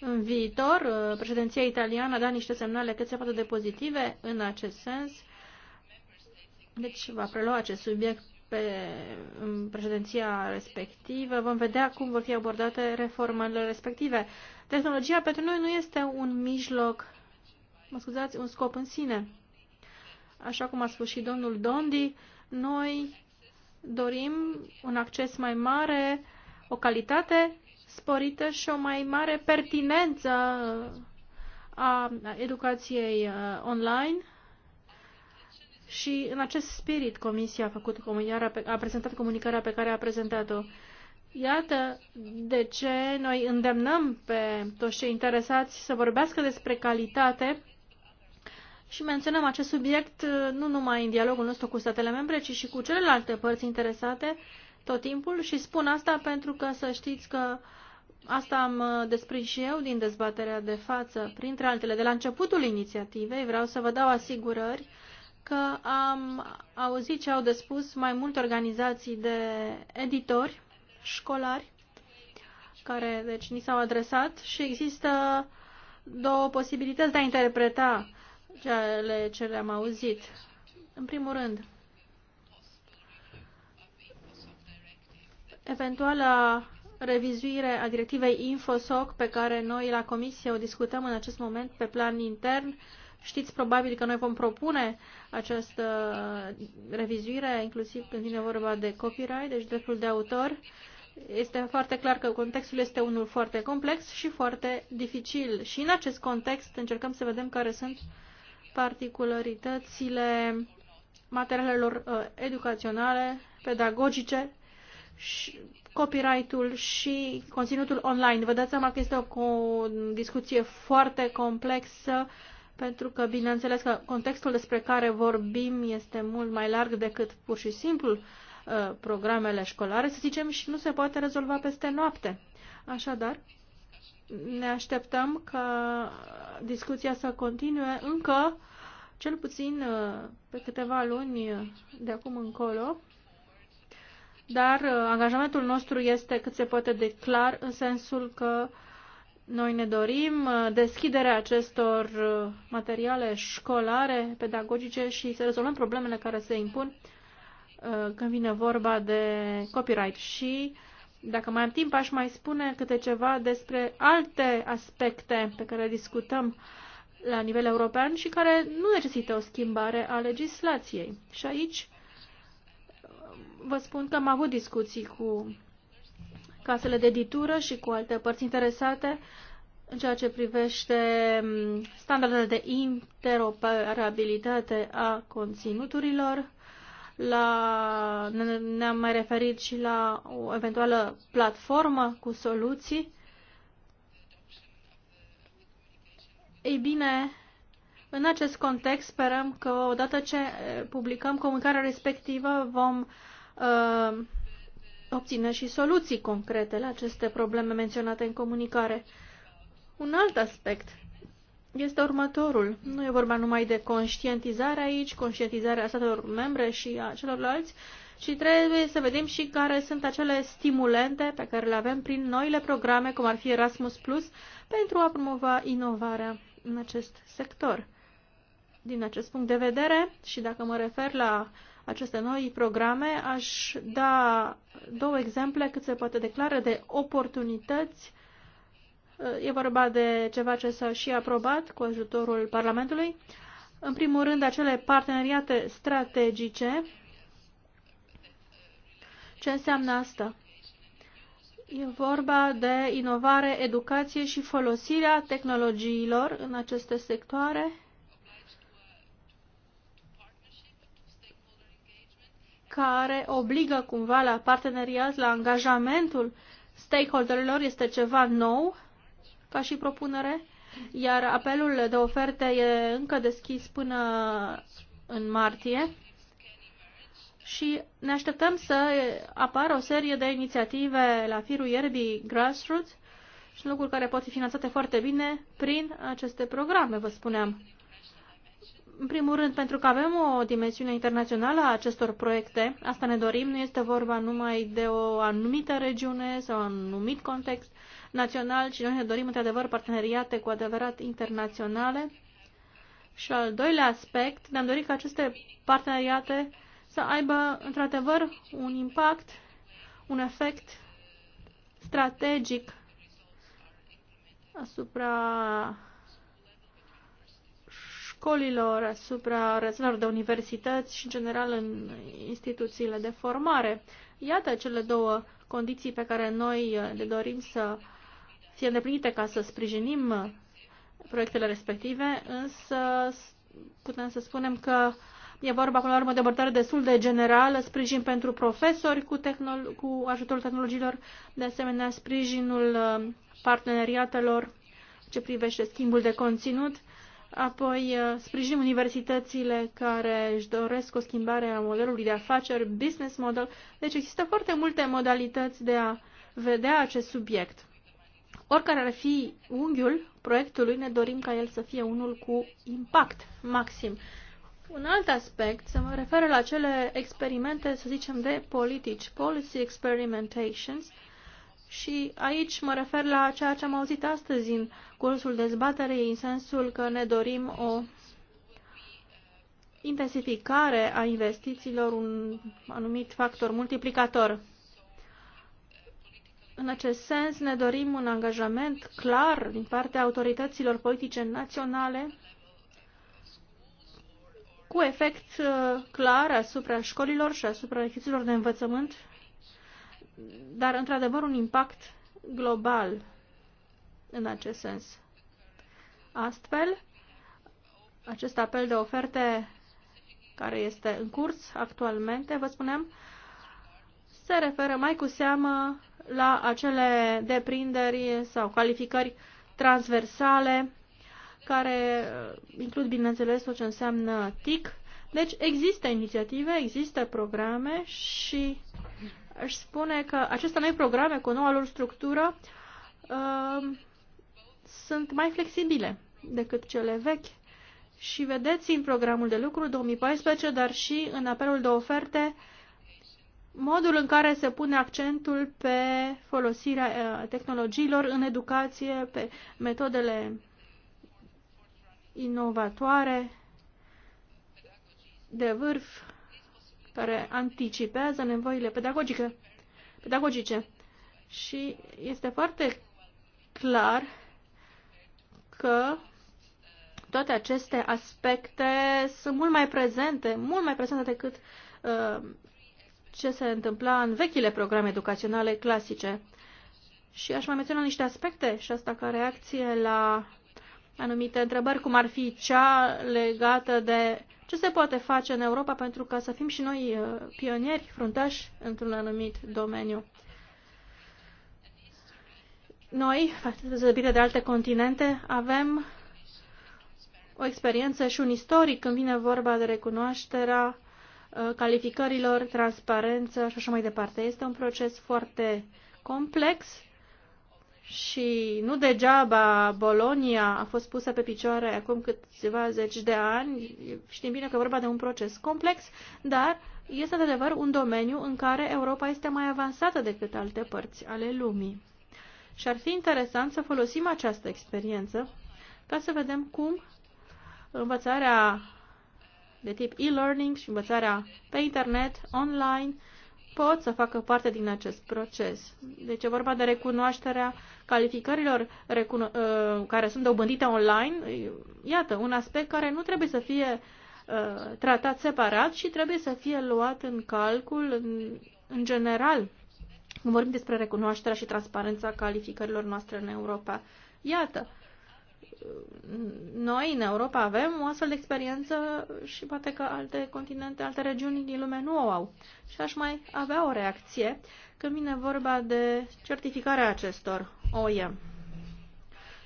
în viitor, uh, președinția italiană da niște semnale cât se poate de pozitive în acest sens. Deci va prelua acest subiect pe președinția respectivă. Vom vedea cum vor fi abordate reformele respective. Tehnologia pentru noi nu este un mijloc, mă scuzați, un scop în sine. Așa cum a spus și domnul Dondi, noi dorim un acces mai mare, o calitate sporită și o mai mare pertinență a educației uh, online. Și în acest spirit Comisia a, făcut comunicarea, a prezentat comunicarea pe care a prezentat-o. Iată de ce noi îndemnăm pe toți cei interesați să vorbească despre calitate și menționăm acest subiect uh, nu numai în dialogul nostru cu statele membre, ci și cu celelalte părți interesate tot timpul și spun asta pentru că să știți că asta am uh, desprins și eu din dezbaterea de față, printre altele. De la începutul inițiativei vreau să vă dau asigurări că am auzit ce au de spus mai multe organizații de editori școlari care deci ni s-au adresat și există două posibilități de a interpreta cele ce le-am auzit. În primul rând, eventuala revizuire a directivei InfoSoc pe care noi la Comisie o discutăm în acest moment pe plan intern. Știți probabil că noi vom propune această revizuire, inclusiv când vine vorba de copyright, deci dreptul de autor. Este foarte clar că contextul este unul foarte complex și foarte dificil. Și în acest context încercăm să vedem care sunt uh, particularitățile materialelor uh, educaționale, pedagogice, și copyright-ul și conținutul online. Vă dați seama că este o, o discuție foarte complexă pentru că, bineînțeles, că contextul despre care vorbim este mult mai larg decât pur și simplu uh, programele școlare, să zicem, și nu se poate rezolva peste noapte. Așadar, ne așteptăm ca discuția să continue încă cel puțin uh, pe câteva luni de acum încolo, dar uh, angajamentul nostru este cât se poate de clar în sensul că noi ne dorim uh, deschiderea acestor materiale școlare, pedagogice și să rezolvăm problemele care se impun când vine vorba de copyright și uh, dacă mai am timp, aș mai spune câte ceva despre alte aspecte pe care le discutăm la nivel european și care nu necesită o schimbare a legislației. Și aici vă spun că am avut discuții cu casele de editură și cu alte părți interesate în ceea ce privește mm, standardele de interoperabilitate a conținuturilor la, ne-am mai referit și la o eventuală platformă cu soluții. Ei bine, în acest context sperăm că odată ce publicăm comunicarea respectivă vom uh, obține și soluții concrete la aceste probleme menționate în comunicare. Un alt aspect este următorul. Nu e vorba numai de conștientizare aici, conștientizarea statelor membre și a celorlalți, și trebuie să vedem și care sunt acele stimulente pe care le avem prin noile programe, cum ar fi Erasmus Plus, pentru a promova inovarea în acest sector. Din acest punct de vedere, și dacă mă refer la aceste noi programe, aș da două exemple cât se poate declară de oportunități E vorba de ceva ce s-a și aprobat cu ajutorul Parlamentului. În primul rând, acele parteneriate strategice. Ce înseamnă asta? E vorba de inovare, educație și folosirea tehnologiilor în aceste sectoare. care obligă cumva la parteneriat, la angajamentul stakeholderilor, este ceva nou ca și propunere, iar apelul de oferte e încă deschis până în martie și ne așteptăm să apară o serie de inițiative la firul ierbii grassroots și lucruri care pot fi finanțate foarte bine prin aceste programe, vă spuneam. În primul rând, pentru că avem o dimensiune internațională a acestor proiecte, asta ne dorim, nu este vorba numai de o anumită regiune sau un anumit context, național, ci noi ne dorim într-adevăr parteneriate cu adevărat internaționale. Și al doilea aspect, ne-am dorit ca aceste parteneriate să aibă într-adevăr un impact, un efect strategic asupra școlilor, asupra rețelor de universități și, în general, în instituțiile de formare. Iată cele două condiții pe care noi le dorim să fie îndeplinite ca să sprijinim proiectele respective, însă putem să spunem că e vorba până la urmă de abordare destul de generală, sprijin pentru profesori cu, tehnolo- cu ajutorul tehnologiilor, de asemenea sprijinul uh, parteneriatelor ce privește schimbul de conținut, apoi uh, sprijinim universitățile care își doresc o schimbare a modelului de afaceri, business model. Deci există foarte multe modalități de a vedea acest subiect. Oricare ar fi unghiul proiectului, ne dorim ca el să fie unul cu impact maxim. Un alt aspect se mă referă la cele experimente, să zicem, de politici, policy experimentations, și aici mă refer la ceea ce am auzit astăzi în cursul dezbaterei, în sensul că ne dorim o intensificare a investițiilor, un anumit factor multiplicator. În acest sens ne dorim un angajament clar din partea autorităților politice naționale cu efect uh, clar asupra școlilor și asupra instituțiilor de învățământ, dar într-adevăr un impact global în acest sens. Astfel, acest apel de oferte care este în curs actualmente, vă spunem, se referă mai cu seamă la acele deprinderi sau calificări transversale care uh, includ, bineînțeles, tot ce înseamnă TIC. Deci există inițiative, există programe și aș spune că aceste noi programe cu noua lor structură uh, sunt mai flexibile decât cele vechi. Și vedeți în programul de lucru 2014, dar și în apelul de oferte uh, modul în care se pune accentul pe folosirea uh, tehnologiilor în educație, pe metodele inovatoare de vârf care anticipează nevoile pedagogice. pedagogice. Și este foarte clar că toate aceste aspecte sunt mult mai prezente, mult mai prezente decât uh, ce se întâmpla în vechile programe educaționale clasice. Și aș mai menționa niște aspecte și asta ca reacție la anumite întrebări, cum ar fi cea legată de ce se poate face în Europa pentru ca să fim și noi uh, pionieri, fruntași într-un anumit domeniu. Noi, față de alte continente, avem o experiență și un istoric când vine vorba de recunoașterea Uh, calificărilor, transparență și așa mai departe. Este un proces foarte complex și nu degeaba Bolonia a fost pusă pe picioare acum câțiva zeci de ani. Știm bine că e vorba de un proces complex, dar este de adevăr un domeniu în care Europa este mai avansată decât alte părți ale lumii. Și ar fi interesant să folosim această experiență ca să vedem cum învățarea de tip e-learning și învățarea pe internet, online, pot să facă parte din acest proces. Deci e vorba de recunoașterea calificărilor recuno- ă, care sunt dobândite online. Iată, un aspect care nu trebuie să fie ă, tratat separat și trebuie să fie luat în calcul în, în general când vorbim despre recunoașterea și transparența calificărilor noastre în Europa. Iată, noi în Europa avem o astfel de experiență și poate că alte continente, alte regiuni din lume nu o au. Și aș mai avea o reacție când vine vorba de certificarea acestor OEM.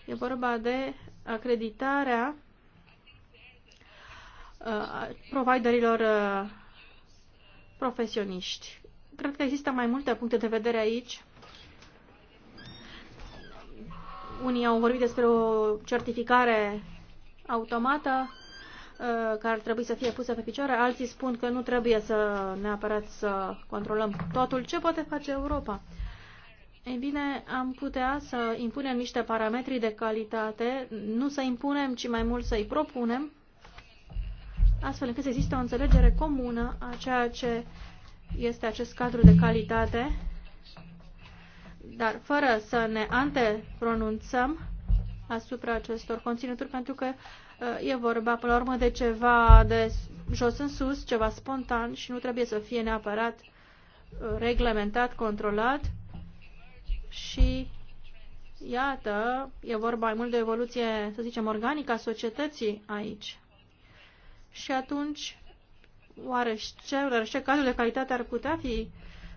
E vorba de acreditarea uh, providerilor uh, profesioniști. Cred că există mai multe puncte de vedere aici Unii au vorbit despre o certificare automată uh, care ar trebui să fie pusă pe picioare, alții spun că nu trebuie să neapărat să controlăm totul. Ce poate face Europa? Ei bine, am putea să impunem niște parametri de calitate, nu să impunem, ci mai mult să-i propunem, astfel încât să existe o înțelegere comună a ceea ce este acest cadru de calitate dar fără să ne antepronunțăm asupra acestor conținuturi, pentru că uh, e vorba, până la urmă, de ceva de jos în sus, ceva spontan și nu trebuie să fie neapărat uh, reglementat, controlat și iată, e vorba mai mult de evoluție, să zicem, organică a societății aici. Și atunci, oare ce, oare ce cazul de calitate ar putea fi uh,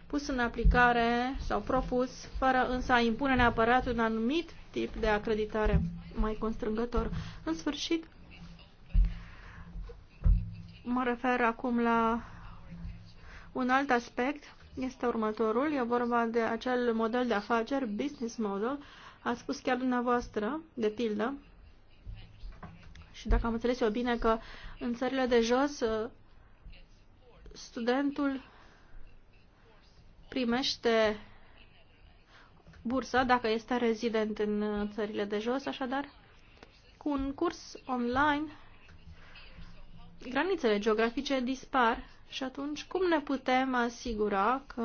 pus în aplicare sau propus, fără însă a impune neapărat un anumit tip de acreditare mai constrângător. În sfârșit, mă refer acum la un alt aspect, este următorul, e vorba de acel model de afaceri, business model, a spus chiar dumneavoastră, de pildă, și dacă am înțeles eu bine, că în țările de jos studentul primește bursa dacă este rezident în țările de jos, așadar, cu un curs online, granițele geografice dispar și atunci cum ne putem asigura că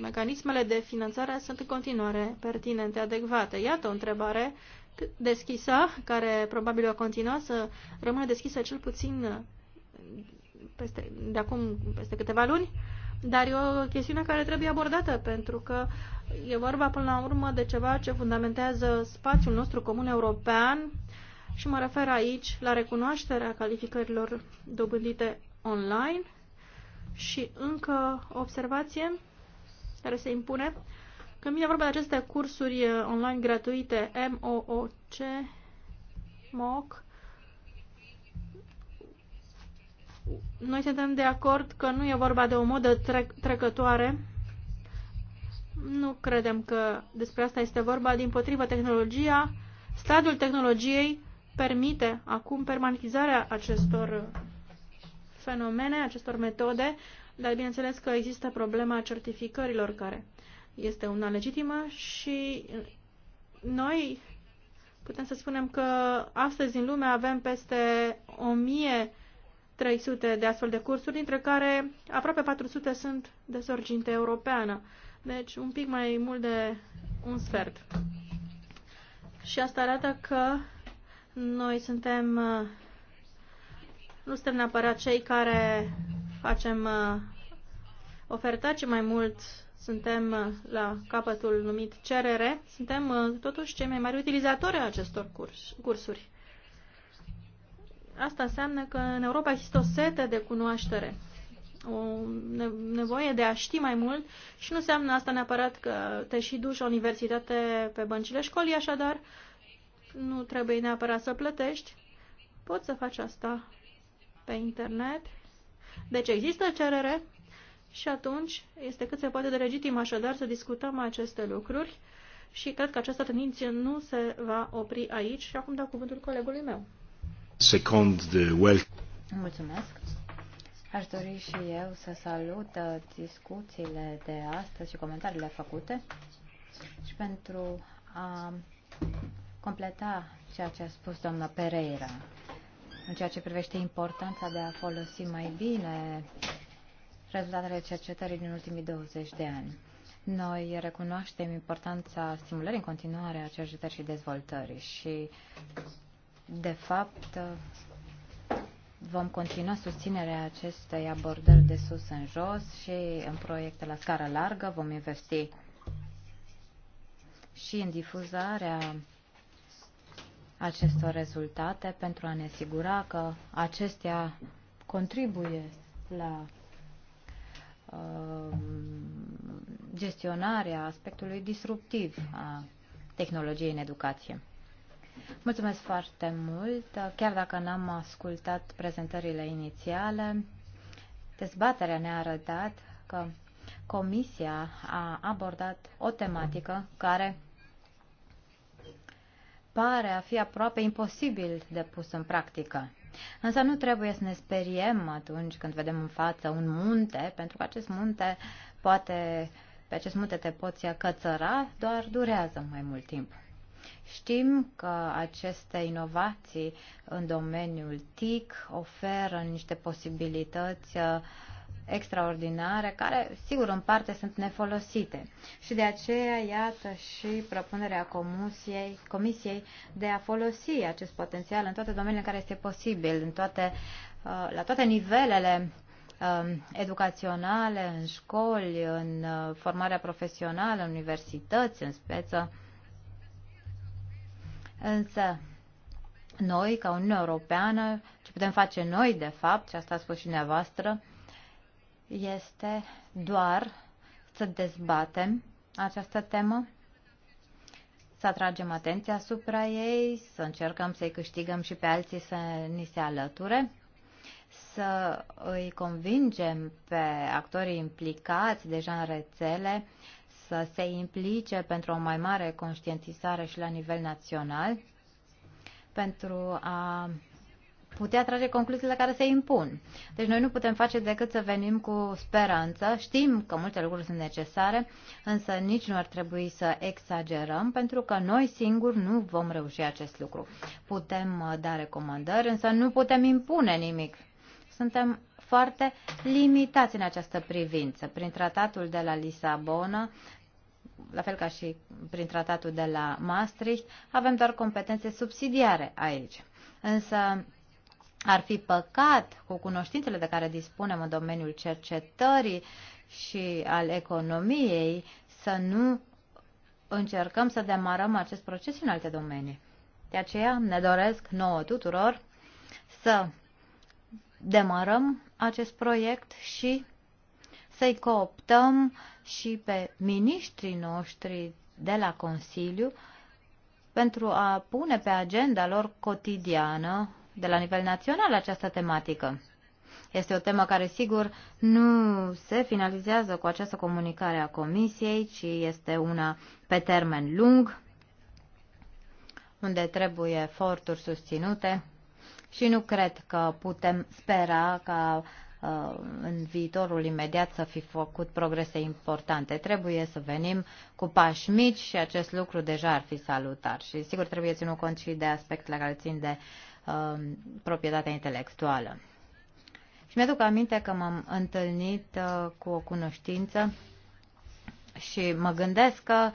mecanismele de finanțare sunt în continuare pertinente, adecvate? Iată o întrebare deschisă, care probabil va continua să rămână deschisă cel puțin peste, de acum peste câteva luni. Dar e o chestiune care trebuie abordată, pentru că e vorba până la urmă de ceva ce fundamentează spațiul nostru comun european și mă refer aici la recunoașterea calificărilor dobândite online și încă o observație care se impune. Când vine vorba de aceste cursuri online gratuite, MOOC, MOOC, Noi suntem de acord că nu e vorba de o modă trec trecătoare. Nu credem că despre asta este vorba. Din potrivă, tehnologia, stadiul tehnologiei permite acum permanentizarea acestor fenomene, acestor metode, dar bineînțeles că există problema certificărilor care este una legitimă și noi putem să spunem că astăzi în lume avem peste o mie 300 de astfel de cursuri, dintre care aproape 400 sunt de sorginte europeană. Deci un pic mai mult de un sfert. Și asta arată că noi suntem, nu suntem neapărat cei care facem uh, oferta, ci mai mult suntem uh, la capătul numit cerere, suntem uh, totuși cei mai mari utilizatori a acestor curs, cursuri. Asta înseamnă că în Europa există o sete de cunoaștere, o nevoie de a ști mai mult și nu înseamnă asta neapărat că te și duci la universitate pe băncile școlii, așadar nu trebuie neapărat să plătești. Poți să faci asta pe internet. Deci există cerere și atunci este cât se poate de legitim așadar să discutăm aceste lucruri și cred că această tendință nu se va opri aici și acum dau cuvântul colegului meu. Second the well. Mulțumesc. Aș dori și eu să salut uh, discuțiile de astăzi și comentariile făcute și pentru a completa ceea ce a spus doamna Pereira în ceea ce privește importanța de a folosi mai bine rezultatele cercetării din ultimii 20 de ani. Noi recunoaștem importanța stimulării în continuare a cercetării și dezvoltării și de fapt, vom continua susținerea acestei abordări de sus în jos și în proiecte la scară largă. Vom investi și în difuzarea acestor rezultate pentru a ne asigura că acestea contribuie la um, gestionarea aspectului disruptiv a tehnologiei în educație. Mulțumesc foarte mult. Chiar dacă n-am ascultat prezentările inițiale, dezbaterea ne-a arătat că Comisia a abordat o tematică care pare a fi aproape imposibil de pus în practică. Însă nu trebuie să ne speriem atunci când vedem în față un munte, pentru că acest munte poate, pe acest munte te poți acățăra, doar durează mai mult timp. Știm că aceste inovații în domeniul TIC oferă niște posibilități uh, extraordinare, care, sigur, în parte sunt nefolosite. Și de aceea, iată și propunerea comisiei, comisiei de a folosi acest potențial în toate domeniile în care este posibil, în toate, uh, la toate nivelele um, educaționale, în școli, în uh, formarea profesională, în universități, în speță. Însă, noi, ca Uniunea Europeană, ce putem face noi, de fapt, și asta a spus și dumneavoastră, este doar să dezbatem această temă, să atragem atenția asupra ei, să încercăm să-i câștigăm și pe alții să ni se alăture, să îi convingem pe actorii implicați deja în rețele să se implice pentru o mai mare conștientizare și la nivel național, pentru a putea trage concluziile care se impun. Deci noi nu putem face decât să venim cu speranță. Știm că multe lucruri sunt necesare, însă nici nu ar trebui să exagerăm, pentru că noi singuri nu vom reuși acest lucru. Putem uh, da recomandări, însă nu putem impune nimic. Suntem foarte limitați în această privință. Prin tratatul de la Lisabona la fel ca și prin tratatul de la Maastricht, avem doar competențe subsidiare aici. Însă ar fi păcat cu cunoștințele de care dispunem în domeniul cercetării și al economiei să nu încercăm să demarăm acest proces în alte domenii. De aceea ne doresc nouă tuturor să demarăm acest proiect și să-i cooptăm și pe miniștrii noștri de la Consiliu pentru a pune pe agenda lor cotidiană de la nivel național această tematică. Este o temă care, sigur, nu se finalizează cu această comunicare a Comisiei, ci este una pe termen lung, unde trebuie eforturi susținute și nu cred că putem spera ca Uh, în viitorul imediat să fi făcut progrese importante. Trebuie să venim cu pași mici și acest lucru deja ar fi salutar. Și sigur trebuie ținut cont și de aspectele care țin de uh, proprietatea intelectuală. Și mi-aduc aminte că m-am întâlnit uh, cu o cunoștință și mă gândesc că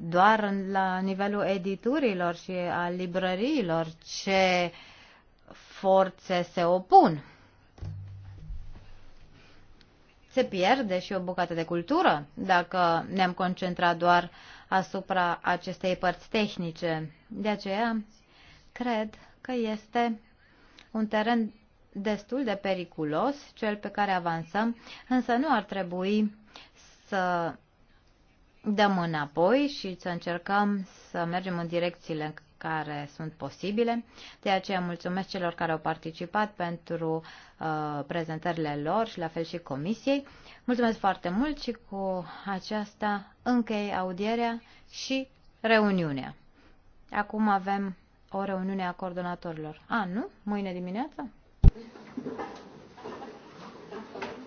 doar la nivelul editurilor și a librăriilor ce forțe se opun se pierde și o bucată de cultură dacă ne-am concentrat doar asupra acestei părți tehnice. De aceea, cred că este un teren destul de periculos, cel pe care avansăm, însă nu ar trebui să dăm înapoi și să încercăm să mergem în direcțiile care sunt posibile. De aceea mulțumesc celor care au participat pentru uh, prezentările lor și la fel și comisiei. Mulțumesc foarte mult și cu aceasta închei audierea și reuniunea. Acum avem o reuniune a coordonatorilor. A, nu? Mâine dimineață?